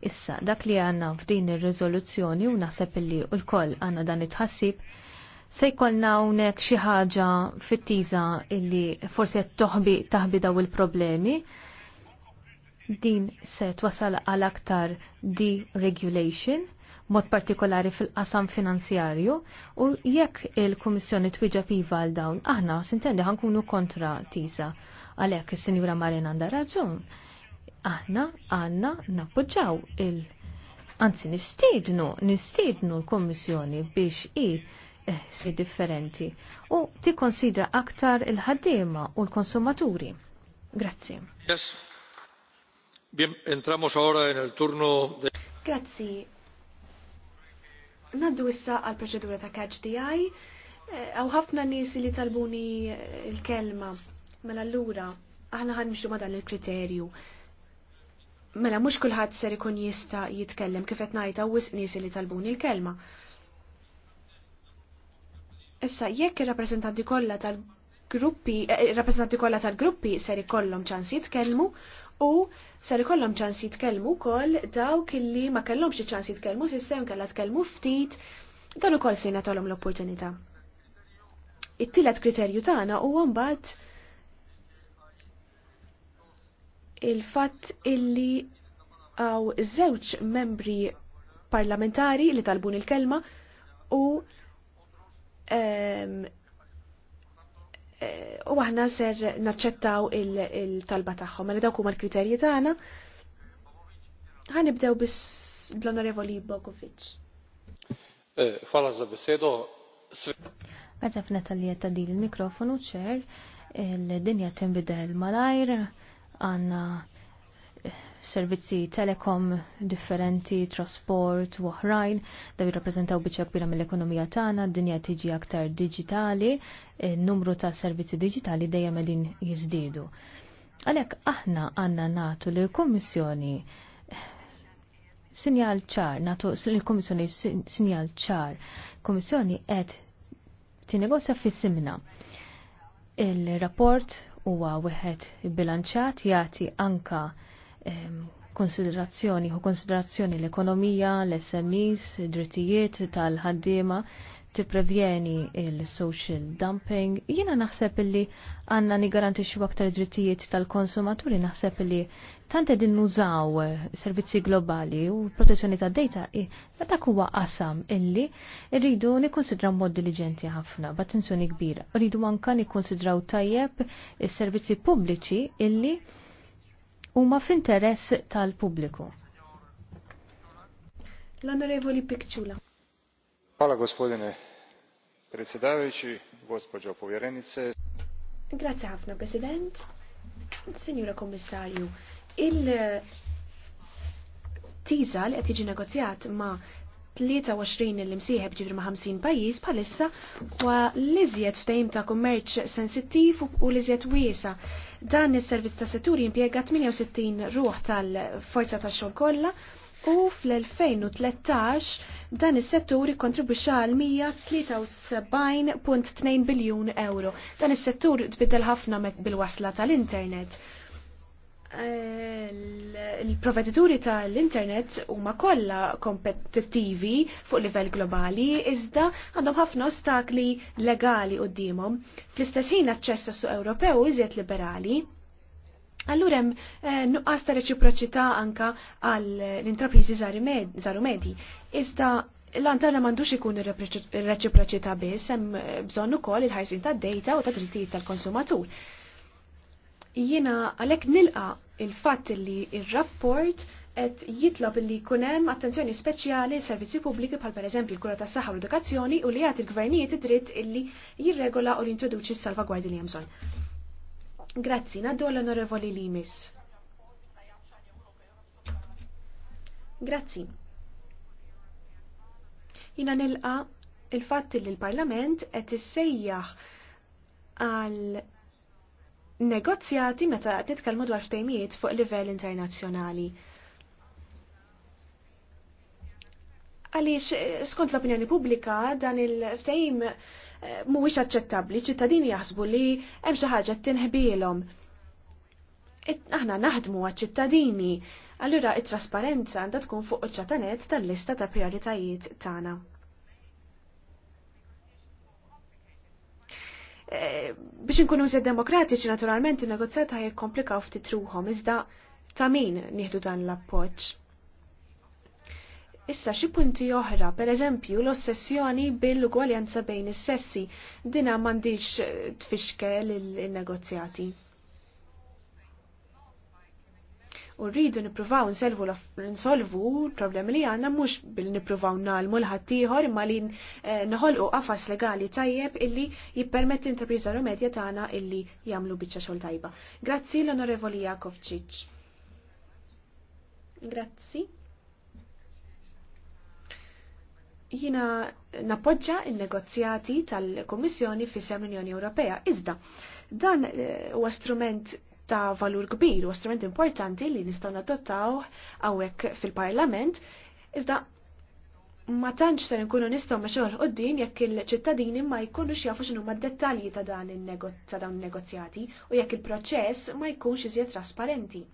Issa, dak li għanna f'din ir-riżoluzzjoni u naħseb li l-koll għanna dan it-ħassib, se jkollna hawnhekk xi ħaġa fit-tiża illi forsi qed toħbi taħbi daw il-problemi, din se twasal għal aktar deregulation mod partikolari fil-qasam finanzjarju u jekk il-Kummissjoni twieġeb iva għal dawn, aħna sintendi ħankunu kontra tisa. Għalhekk is-Sinjura Marin għandha raġun. Aħna għandna nappoġġaw il- Anzi, nistiednu, nistiednu l-Kommissjoni biex i eh, si differenti u tikkonsidra aktar il-ħaddiema u l-konsumaturi. Grazzi. Yes. Bien, entramos ahora en el turno de... Grazzi. Naddu issa għal proċedura ta' kaċ di għaj, għaw ħafna nis li talbuni eh, il-kelma, mela l-lura, aħna ħanmxu ma dan il-kriterju. Mela mux kullħat ser ikun jista jitkellem kif qed ngħid wisq nies li talbuni l-kelma. Issa jekk ir-rappreżentanti kollha tal-gruppi, eh, ir-rappreżentanti kollha tal-gruppi ser ikollhom ċans jitkellmu, u sar ikollhom ċans jitkellmu wkoll dawk illi ma kellhomx ċans jitkellmu s'issa kellha tkellmu ftit dan ukoll se jingħatalhom l-opportunità. It-tielet kriterju tagħna huwa mbagħad il-fatt illi għaw żewġ membri parlamentari li talbun il-kelma u ehm, Eh, u aħna ser naċċettaw il-talba tagħhom. Mela dawk huma l-kriterji tagħna. Ħanibdew biss bl-Onorevoli Bogovic. Fala eh, za besedo. Meta f'Natalija ta' din il-mikrofonu ċer, l dinja tinbidel malajr, għanna servizzi telekom differenti, trasport u oħrajn, daw jirrappreżentaw biċċa kbira mill-ekonomija tagħna, dinja tiġi aktar digitali, e, numru ta' servizzi digitali dejjem din jiżdiedu. Għalhekk aħna għandna nagħtu li l-Kummissjoni sinjal ċar, nagħtu l-Kummissjoni sinjal ċar. Kummissjoni qed tinegozja fis-simna. Il-rapport huwa wieħed bilanċat jagħti anka konsiderazzjoni, u konsiderazzjoni l-ekonomija, l-SMEs, drittijiet tal-ħaddiema, tipprevjeni il-social dumping. Jiena naħseb illi għanna xie aktar drittijiet tal-konsumaturi, naħseb li tant din nużaw servizzi globali u protezzjoni tad-data dak huwa qasam illi rridu nikkonsidraw mod diligenti ħafna b'attenzjoni kbira. Rridu anke nikkonsidraw tajjeb is-servizzi pubbliċi illi huma f'interess tal-pubbliku. L-Onorevoli Pikċula. Hvala gospodine predsjedavajući, gospođo povjerenice. Grazie ħafna President, Signora Kommissarju. Il eh, tiza li qed jiġi negozjat ma' 23 il-imsieħeb ġibri ma' 50 pajis palissa wa liżjed f'tejm ta' kummerċ sensittiv u liżjed wiesa. Dan is-servizz ta' setturi impjega 68 ruħ tal-forza ta' xogħol kollha u fl-2013 dan is-settur kontribwixxa għal 173.2 biljun euro. Dan is-settur tbiddel ħafna bil-wasla tal-internet Eh, il-provedituri tal-internet huma kollha kompetittivi fuq livell globali iżda għandhom ħafna ostakli legali d-dimom. fl istessin ħin su suq Ewropew iżjed liberali. Allura hemm eh, nuqqas ta' reċiproċità anka għal l-intrapriżi żaru medi. Iżda l-antana mandux ikun ir-reċiproċità biss, hemm eh, bżonn ukoll il-ħajsin tad-dejta u tad drittijiet tal-konsumatur. Jiena għalhekk nilqa' il-fatt li il-rapport et jitlab li kunem attenzjoni speċjali servizzi pubbliki pal per eżempju kura ta' saħħa u edukazzjoni u li għat il gvernijiet id-dritt illi jirregola u li introduċi s-salvagwardi li hemm Grazzi, naddu l-onorevoli Limis. Grazzi. Jina nilqa il-fatt li l-Parlament qed sejjaħ għal negozjati meta titkellmu dwar ftejmijiet fuq livell internazzjonali. Għaliex skont l-opinjoni pubblika dan il-ftejm eh, mhuwiex aċċettabbli, ċittadini jaħsbu li hemm xi ħaġa tinħbilhom. Aħna naħdmu għaċ-ċittadini, allura it-trasparenza għandha tkun fuq ċatanet tal-lista ta' prioritajiet tagħna. Eh, biex nkunu mżed demokratiċi naturalment in-negozjat ħaj komplikaw ftit ruhom iżda ta' min nieħdu dan l-appoġġ. Issa xi punti oħra, per eżempju l-ossessjoni bil-ugwaljanza bejn is-sessi, dina m'għandix eh, tfixkel il-negozjati. il negozjati u rridu nippruvaw nsolvu l-problemi li għanna mux bil nippruvaw nalmu l-ħattijħor imma li eh, nħolqu qafas legali tajjeb illi jippermetti intrapriża medja tagħna illi jagħmlu biċċa xogħol tajba. Grazzi l-Onorevoli Jakovčić. Grazzi. Jina nappoġġa il-negozjati tal komissjoni fis l-Unjoni Ewropea. Iżda, dan eh, huwa strument ta' valur kbir u strument importanti li nistgħu nadottaw hawnhekk fil-Parlament, iżda ma tantx se nkunu nistgħu ma xogħol qudiem jekk il-ċittadini ma jkunux jafu x'inhu ma' dettalji ta' dan ta' dawn negozjati u jekk il-proċess ma jkunx iżjed trasparenti.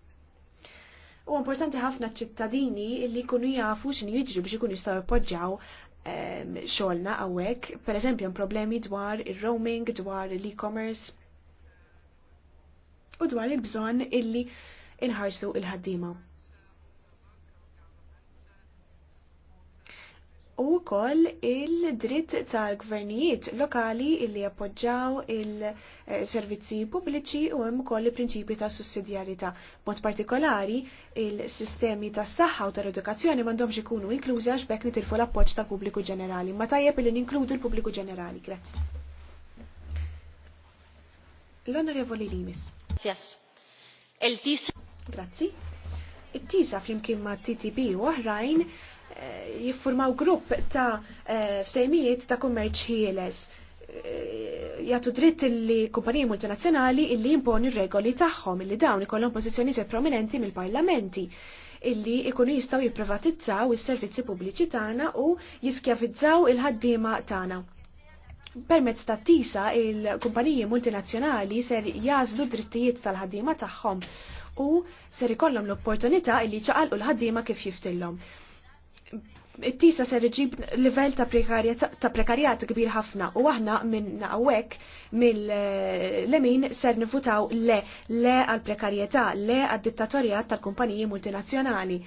U importanti ħafna ċittadini li jkunu jafu x'in jiġri biex ikunu jistgħu jpoġġaw ehm, xogħolna hawnhekk, pereżempju hemm problemi dwar ir-roaming, dwar l-e-commerce, u dwar il-bżonn illi il-ħarsu il-ħaddima. u koll il-dritt tal-gvernijiet lokali illi appoġġaw il-servizzi pubbliċi u hemm ukoll il-prinċipji ta' sussidjarità. Mod partikolari, il-sistemi tas saħħa u tal-edukazzjoni m'għandhomx ikunu inklużi għax bekk nitilfu l-appoġġ tal-pubbliku ġenerali. Ma tajjeb li ninkludu l-pubbliku ġenerali. Grazzi. L-Onorevoli Limis. Il-tisa. Grazzi. tisa flimkien ma' TTB u oħrajn eh, jiffurmaw grupp ta' eh, fsejmijiet ta' kummerċ ħieles eh, jgħatu dritt li kumpaniji multinazzjonali illi jimponu regoli tagħhom illi dawn ikollhom pożizzjoni prominenti mill-parlamenti illi ikunu jistgħu jipprivatizzaw is-servizzi pubbliċi tagħna u jiskjavizzaw il-ħaddiema tagħna. Permezz ta' tisa il-kumpaniji multinazzjonali ser jażlu drittijiet tal ħaddima tagħhom u ser ikollhom l-opportunità li u l-ħaddiema kif jiftillhom. It-tisa ser iġib livell ta' prekarjat kbir ħafna u aħna minn hawnhekk mill-lemin ser nifutaw le le għal prekarjetà le għad dittatorjat tal-kumpaniji multinazzjonali.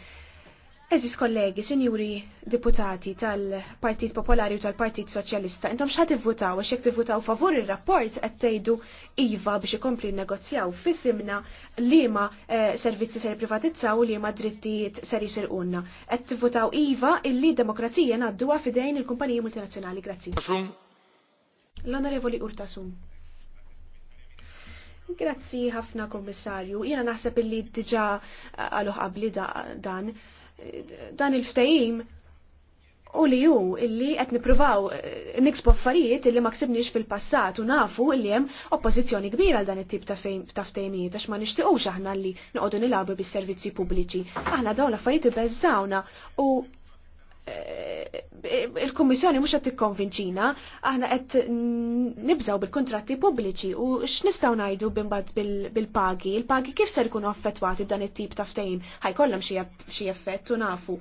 Eżis kollegi, sinjuri deputati tal-Partit Popolari u tal-Partit Soċjalista, intom xħat ivvutaw għax jek tivvutaw favur il-rapport qed tgħidu iva biex ikompli negozjaw fissimna liema ma eh, servizzi ser privatizzaw li liema drittijiet ser unna. Qed tivvutaw iva illi demokrazija ngħadduha għafidejn il-kumpaniji multinazzjonali. Grazzi. L-Onorevoli Urtasum. Grazzi ħafna kommissarju. Jiena naħseb illi diġà għaluħ qabli dan. Da dan il-ftajim u li ju illi qed nippruvaw eh, niksbu affarijiet illi ma ksibniex fil-passat u nafu illi hemm oppożizzjoni kbira għal dan it-tip ta' fejn ftejmijiet għax ma nixtiequx aħna li noqogħdu nilagħbu bis-servizzi pubbliċi. Aħna dawn l-affarijiet ibeżżawna u Eh, il-Kommissjoni mhux qed tikkonvinċina, aħna qed nibżgħu bil kuntratti pubbliċi u x'nistgħu ngħidu bimbagħad bil-pagi, il-pagi kif ser ikunu affettwati b'dan it-tip ta' ftehim, ħajkollhom xi effett u nafu.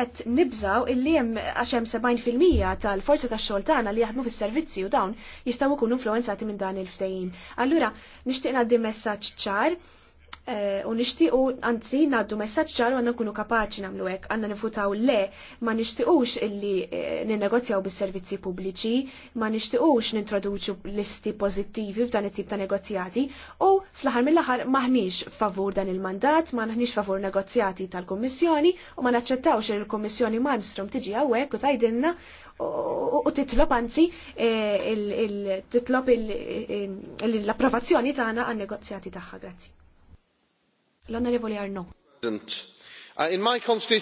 Qed nibżgħu illi hemm għax hemm 70% tal-forza tax-xogħol tagħna li jaħdmu fis-servizzi u dawn jistgħu jkunu influenzati minn dan il-ftehim. Allura nixtieq ngħaddi messaġġ ċar Eh, u nishtiqu, anzi, naddu messaċ ċaru għanna kunu kapaċi namlu għek, għanna nifutaw le, ma nishtiqux illi eh, ninnegozjaw bis-servizzi pubbliċi, ma nishtiqux nintroduċu listi pozittivi f'dan it-tip ta' negozjati, u fl-ħar mill-ħar maħniġ favur dan il-mandat, maħniġ favur negozjati tal-Kommissjoni, u ma naċċettawx li l-Kommissjoni Malmstrom tiġi għawek u tajdinna u titlob anzi eh, titlob l-approvazzjoni tagħna għan negozjati tagħha. Grazzi. L-Onorevoli Arno. Uh,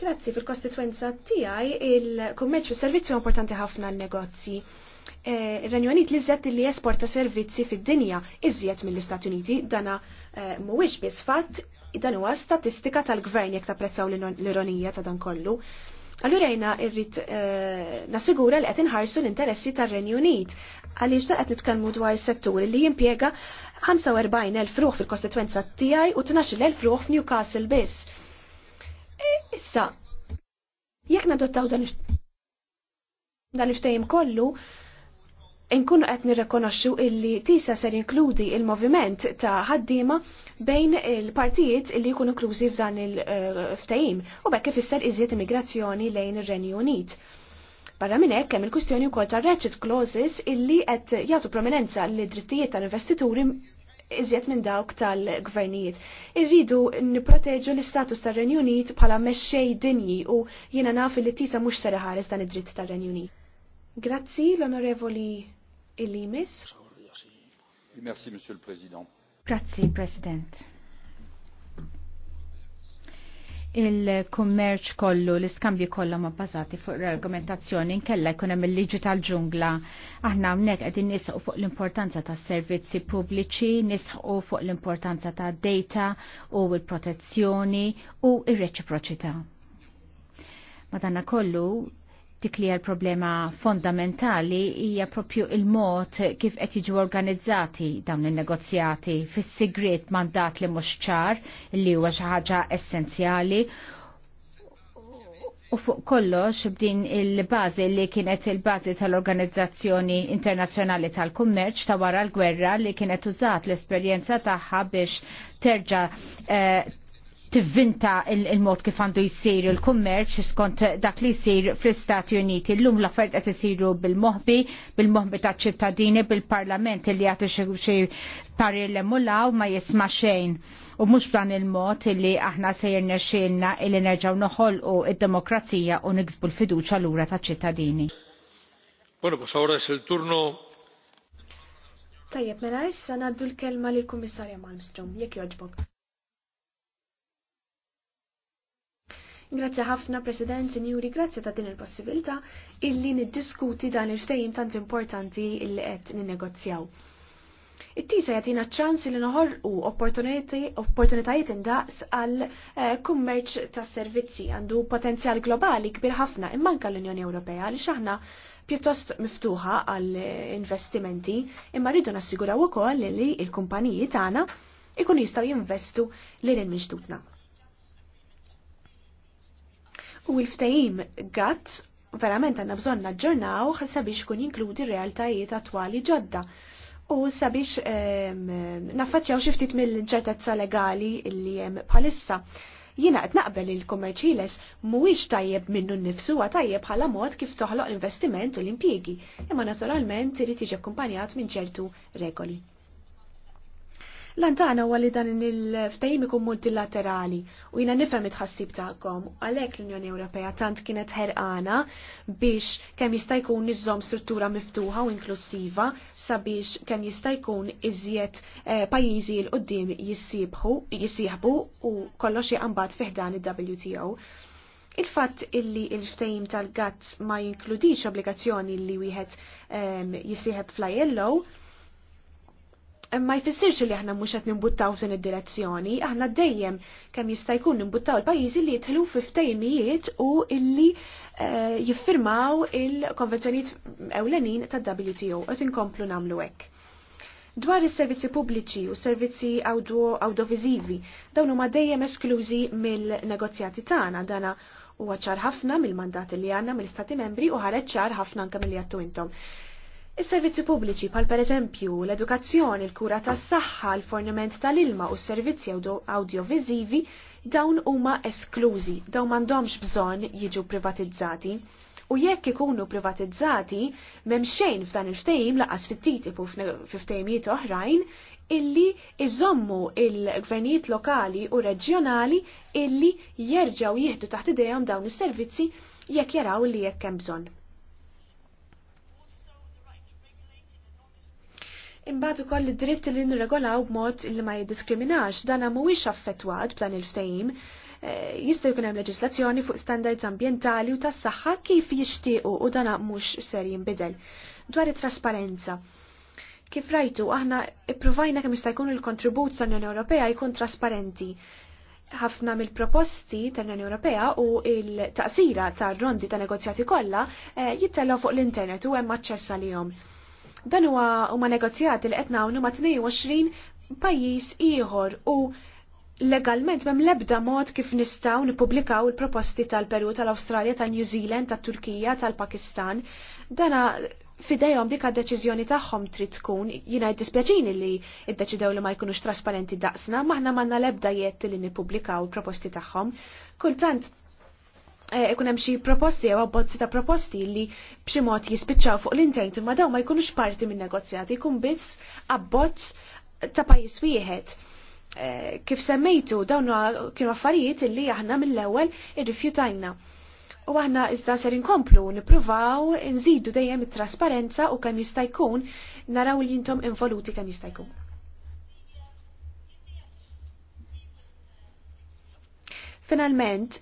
Grazzi fil-kostituenza tiegħi il-kummerċ fis servizzi importanti ħafna l negozzi eh, Ir-Renju Unit li żed li jesporta servizzi fid-dinja iżjed mill-Istati Uniti dana eh, mhuwiex biss fatt dan huwa statistika tal-gvern jekk tapprezzaw l-ironija ta' dan kollu. Allura jina irrit eh, nasigura li qed inħarsu l-interessi tar-Renju Unit għaliex ta' qed nitkellmu dwar setturi li jimpjega 45.000 ruħ fil-kostituenza tiegħi u 12.000 ruħ f'Newcastle biss. E, issa, jekk nadottaw dan il-ftejim kollu, nkunu qed nirrekonoxxu illi tisa ser inkludi il-moviment ta' ħaddiema bejn il-partijiet illi jkunu inklużi f'dan il-ftehim eh, u bekke ifisser iżjed immigrazzjoni lejn ir-Renju Unit. Barra minn hekk hemm il-kwistjoni wkoll ta' ratchet clauses illi qed jagħtu prominenza li drittijiet tal-investituri iżjed minn dawk tal-gvernijiet. Irridu nipproteġu l-istatus tar-Renju Unit bħala mexxej dinji u jiena naf li tisa mhux se ħares dan id-dritt tar-Renju Unit. Grazzi l-Onorevoli Ilimis. Merci, Monsieur le Président. Grazzi, President il-kummerċ kollu, l-iskambju kollu ma bazati fuq l-argumentazzjoni nkella jkun hemm il-liġi tal-ġungla. Aħna hawnhekk qegħdin nisqu fuq l-importanza tas-servizzi pubbliċi, nisħu fuq l-importanza tad-data u l-protezzjoni u r-reċiproċità. Madanna kollu dik li l-problema fondamentali hija propju il-mod kif qed jiġu organizzati dawn in-negozjati fis-sigriet mandat li mhux ċar li huwa xi ħaġa essenzjali U fuq kollox b'din il bażi li kienet il bażi tal-Organizzazzjoni Internazzjonali tal-Kummerċ ta' wara l-gwerra li kienet użat l-esperjenza tagħha biex terġa' eh, tivvinta il-mod kif għandu jisir il-kummerċ skont dak li jisir fl-Istati Uniti. L-lum l-affert qed isiru bil-moħbi, bil mohbi ta' ċittadini, bil-parlament li għati xi pari l-emulaw ma jisma xejn. U mux dan il-mod li aħna sejr nexxilna il nerġaw noħolqu id-demokrazija u nixbu l-fiduċa lura ta' ċittadini. Bueno, pues ahora es el turno Tajjeb, mela issa naddu l-kelma lill kummissarja Malmström. jekk jogħġbok. Grazzi ħafna, President, Sinjuri, grazzi ta' din il-possibilità illi niddiskuti dan il-ftejim tant importanti illi qed ninnegozjaw. It-tisa jatina ċans li u opportunitajiet indaqs għal eh, kummerċ ta' servizzi għandu potenzjal globali kbir ħafna immanka l-Unjoni Ewropea li xaħna pjuttost miftuħa għal investimenti imma rridu nassiguraw ukoll li l-kumpaniji tagħna ikun jistgħu jinvestu lil il U l-ftajim GATT verament għanna bżon naġġornaw sabiex kun jinkludi realtajiet attwali ġodda. U sabiex ehm, naffaċċjaw xiftit mill-ċertezza legali li hemm bħalissa. Jiena qed naqbel il-kummerċ ħieles mhuwiex tajjeb minnu nnifsu huwa tajjeb bħala mod kif toħloq investiment u l-impjiegi, imma naturalment irid jiġi akkumpanjat minn ċertu regoli. Lantana huwa li dan il-ftehim ikun multilaterali u jina nifhem it-ħassib tagħkom għalhekk l-Unjoni Ewropea tant kienet ħerqana biex kemm jista' jkun iżżomm struttura miftuħa u inklusiva sabiex kemm jista' jkun iżjed eh, pajjiżi l qoddim jissibħu u kollox jgħambat fiħdan il-WTO. Il-fatt illi il ftajim tal-gatt ma jinkludix obbligazzjoni li wieħed ehm, jisieħeb fl-ILO ma jfissirx li aħna mhux qed nimbuttaw f'din id-direzzjoni, aħna dejjem kemm jista' jkun nimbuttaw il-pajjiżi li jidħlu f'ftejmijiet u illi eh, jiffirmaw il-konvenzjonijiet ewlenin tad-WTO qed inkomplu nagħmlu hekk. Dwar is-servizzi pubbliċi u servizzi audiovisivi, dawn huma dejjem esklużi mill-negozjati tagħna dana huwa ċar ħafna mill-mandat li għandna mill istati membri u ħareċ ċar ħafna anke mill jattu intom. Is-servizzi pubbliċi pal per eżempju l-edukazzjoni, l-kura tas-saħħa, l-forniment tal-ilma u s-servizzi audiovizivi dawn huma esklużi, dawn m'għandhomx bżonn jiġu privatizzati. U jekk ikunu privatizzati, m'hemm xejn f'dan il-ftehim laqas fit-titip u f'ftejmijiet oħrajn illi iżommu il-gvernijiet lokali u reġjonali illi jerġgħu jieħdu taħt idejhom dawn is-servizzi jekk jaraw li jekk hemm bżonn. Imbagħad ukoll id-dritt li nirregolaw b'mod li ma jiddiskriminax dan mhuwiex affettwat b'dan il-ftehim. Eh, jista' jkun hemm leġislazzjoni fuq standards ambjentali u tas-saħħa kif jixtiequ u dan mhux ser jinbidel. Dwar it-trasparenza. Kif rajtu, aħna ippruvajna kemm jista' jkun il-kontribut tal-Unjoni Ewropea jkun trasparenti ħafna mill-proposti tal-Unjoni Ewropea u il-taqsira tar-rondi ta' negozjati kollha eh, jittellgħu fuq l-internet u hemm aċċess għalihom. Dan huwa huma negozjati li qed nagħmlu ma' 22 pajjiż ieħor u legalment m'hemm l-ebda mod kif nistgħu nippubblikaw il-proposti tal-Peru, tal-Awstralja, tal-New Zealand, tat-Turkija, tal-Pakistan. Dana fidejhom dik għad-deċiżjoni tagħhom trid tkun jiena jiddispjaċini li iddeċidew li ma jkunux trasparenti daqsna, maħna m'għandna l-ebda jett li nippubblikaw il-proposti tagħhom. Kultant Eh, ikun hemm xi proposti jew abbozzi ta' proposti li b'xi mod jispiċċaw fuq l-internet imma dawn ma jkunux parti minn negozjati, jkun biss abbozz ta' pajjiż wieħed eh, kif semmejtu dawn kienu affarijiet li aħna mill-ewwel irrifjutajna. U aħna iżda ser inkomplu nippruvaw nżidu dejjem it-trasparenza u kemm jista' jkun naraw li intom involuti kemm jista' jkun. Finalment,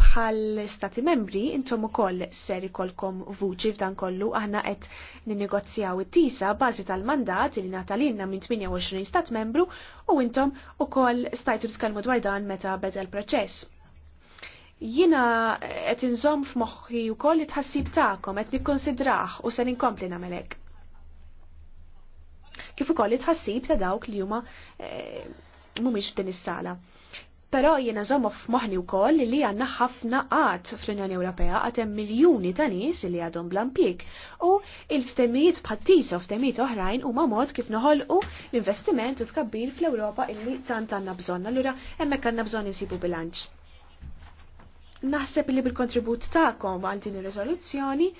bħal stati membri intom ukoll ser ikolkom vuċi f'dan kollu aħna qed ninnegozjaw it-tisa bażi tal-mandat li natalinna minn 28 stat membru u intom ukoll stajtu tkellmu dwar dan meta beda l-proċess. Jina qed inżomm f'moħħi wkoll it-ħassib tagħkom qed nikkonsidrah u se ninkompli nagħmel Kif ukoll it-ħassib ta' dawk li huma eh, mhumiex f'din is-sala. Pero jiena żomma f'moħni wkoll li għandna ħafna qatt fl-Unjoni Ewropea għad hemm miljuni ta' nies li għadhom blampik u l-ftemijiet bħattisa u ftemijiet oħrajn huma mod kif noħolqu l-investiment u tkabbir fl-Ewropa illi tant għandna bżonn. Allura hemmhekk għandna bżonn insibu bilanċ. Naħseb li bil-kontribut tagħkom għal din ir-riżoluzzjoni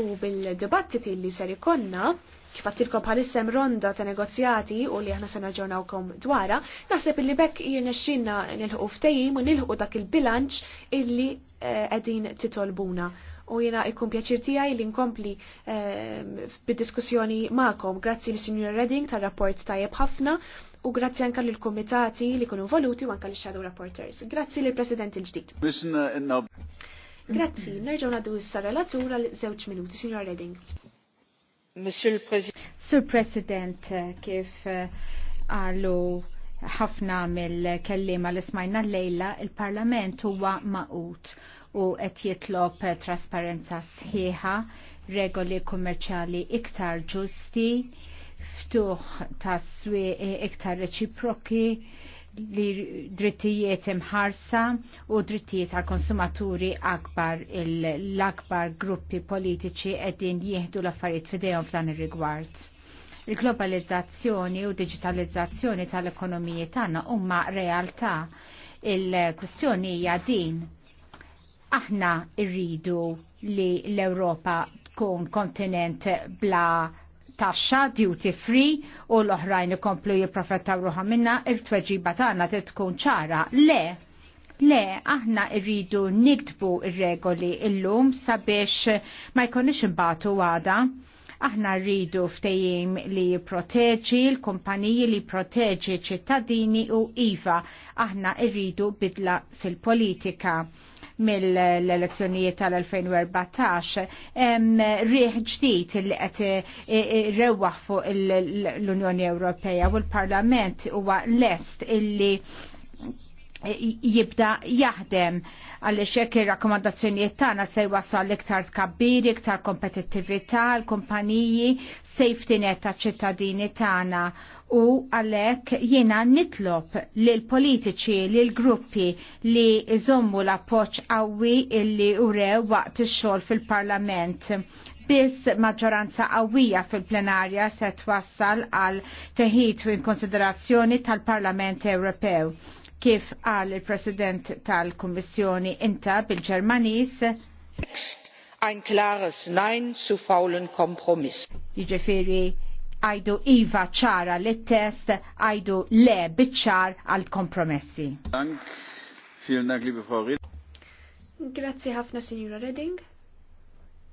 u bil-dibattiti li ser ikonna kif għattilkom bħalissem ronda ta' negozjati u li aħna sena ġornawkom dwara, naħseb illi bekk jirnexxinna nilħu ftejim u nilħu dak il-bilanċ illi eh, qegħdin titolbuna. U jena ikkun pjaċir tiegħi li nkompli eh, bid-diskussjoni ma'kom. Grazzi li Signor Redding tar-rapport tajjeb ħafna u grazzi anka lill kumitati li kunu voluti u anka l-Shadow Rapporters. Grazzi lill president il-ġdid. Uh, Grazzi, nerġaw nadu issa relatura l minuti, Signora Redding. Monsieur le President. Sur President, kif eh, għallu ħafna mill-kellima li smajna l-lejla, il-Parlament huwa maqut u qed jitlob trasparenza sħiħa, regoli kummerċjali iktar ġusti, ftuħ ta' swi iktar reċiproki, li drittijiet imħarsa u drittijiet għal konsumaturi akbar l-akbar gruppi politiċi edin jieħdu l-affarijiet fidejhom f'dan ir-rigward. Il-globalizzazzjoni u digitalizzazzjoni tal-ekonomiji tagħna huma realtà. Il-kwestjoni hija din. Aħna rridu li l-Ewropa tkun kontinent bla taxxa duty free u l-oħrajn ikomplu jipprofittaw ruħa minna il-tweġiba tagħna tkun ċara. Le, Le, aħna rridu nigdbu ir-regoli illum sabiex ma jkunix imbatu għada. Aħna rridu ftejim li proteġi l-kumpaniji li proteġi ċittadini u IVA. Aħna rridu bidla fil-politika mill-elezzjonijiet tal-2014 rieħ ġdid li qed rewwaħ fuq l-Unjoni Ewropea u l-Parlament huwa lest illi jibda jaħdem għaliex xek il-rakkomandazzjonijiet tagħna se jwassal iktar tkabbir, iktar kompetittività l-kumpaniji, safety net ta' ċittadini tagħna u għalek jiena nitlob l politiċi l gruppi li zommu la poċ qawwi illi urew waqt ix-xogħol fil-Parlament. Biss maġġoranza qawwija fil-plenarja se twassal għal teħid u konsiderazzjoni tal-Parlament Ewropew. Kif qal il-President tal-Kummissjoni inta bil-Ġermanis ein klares Nein zu faulen Kompromiss. Jiġifieri għajdu iva ċara li test għajdu le bitċar għal kompromessi. Grazie ħafna, Signora Redding.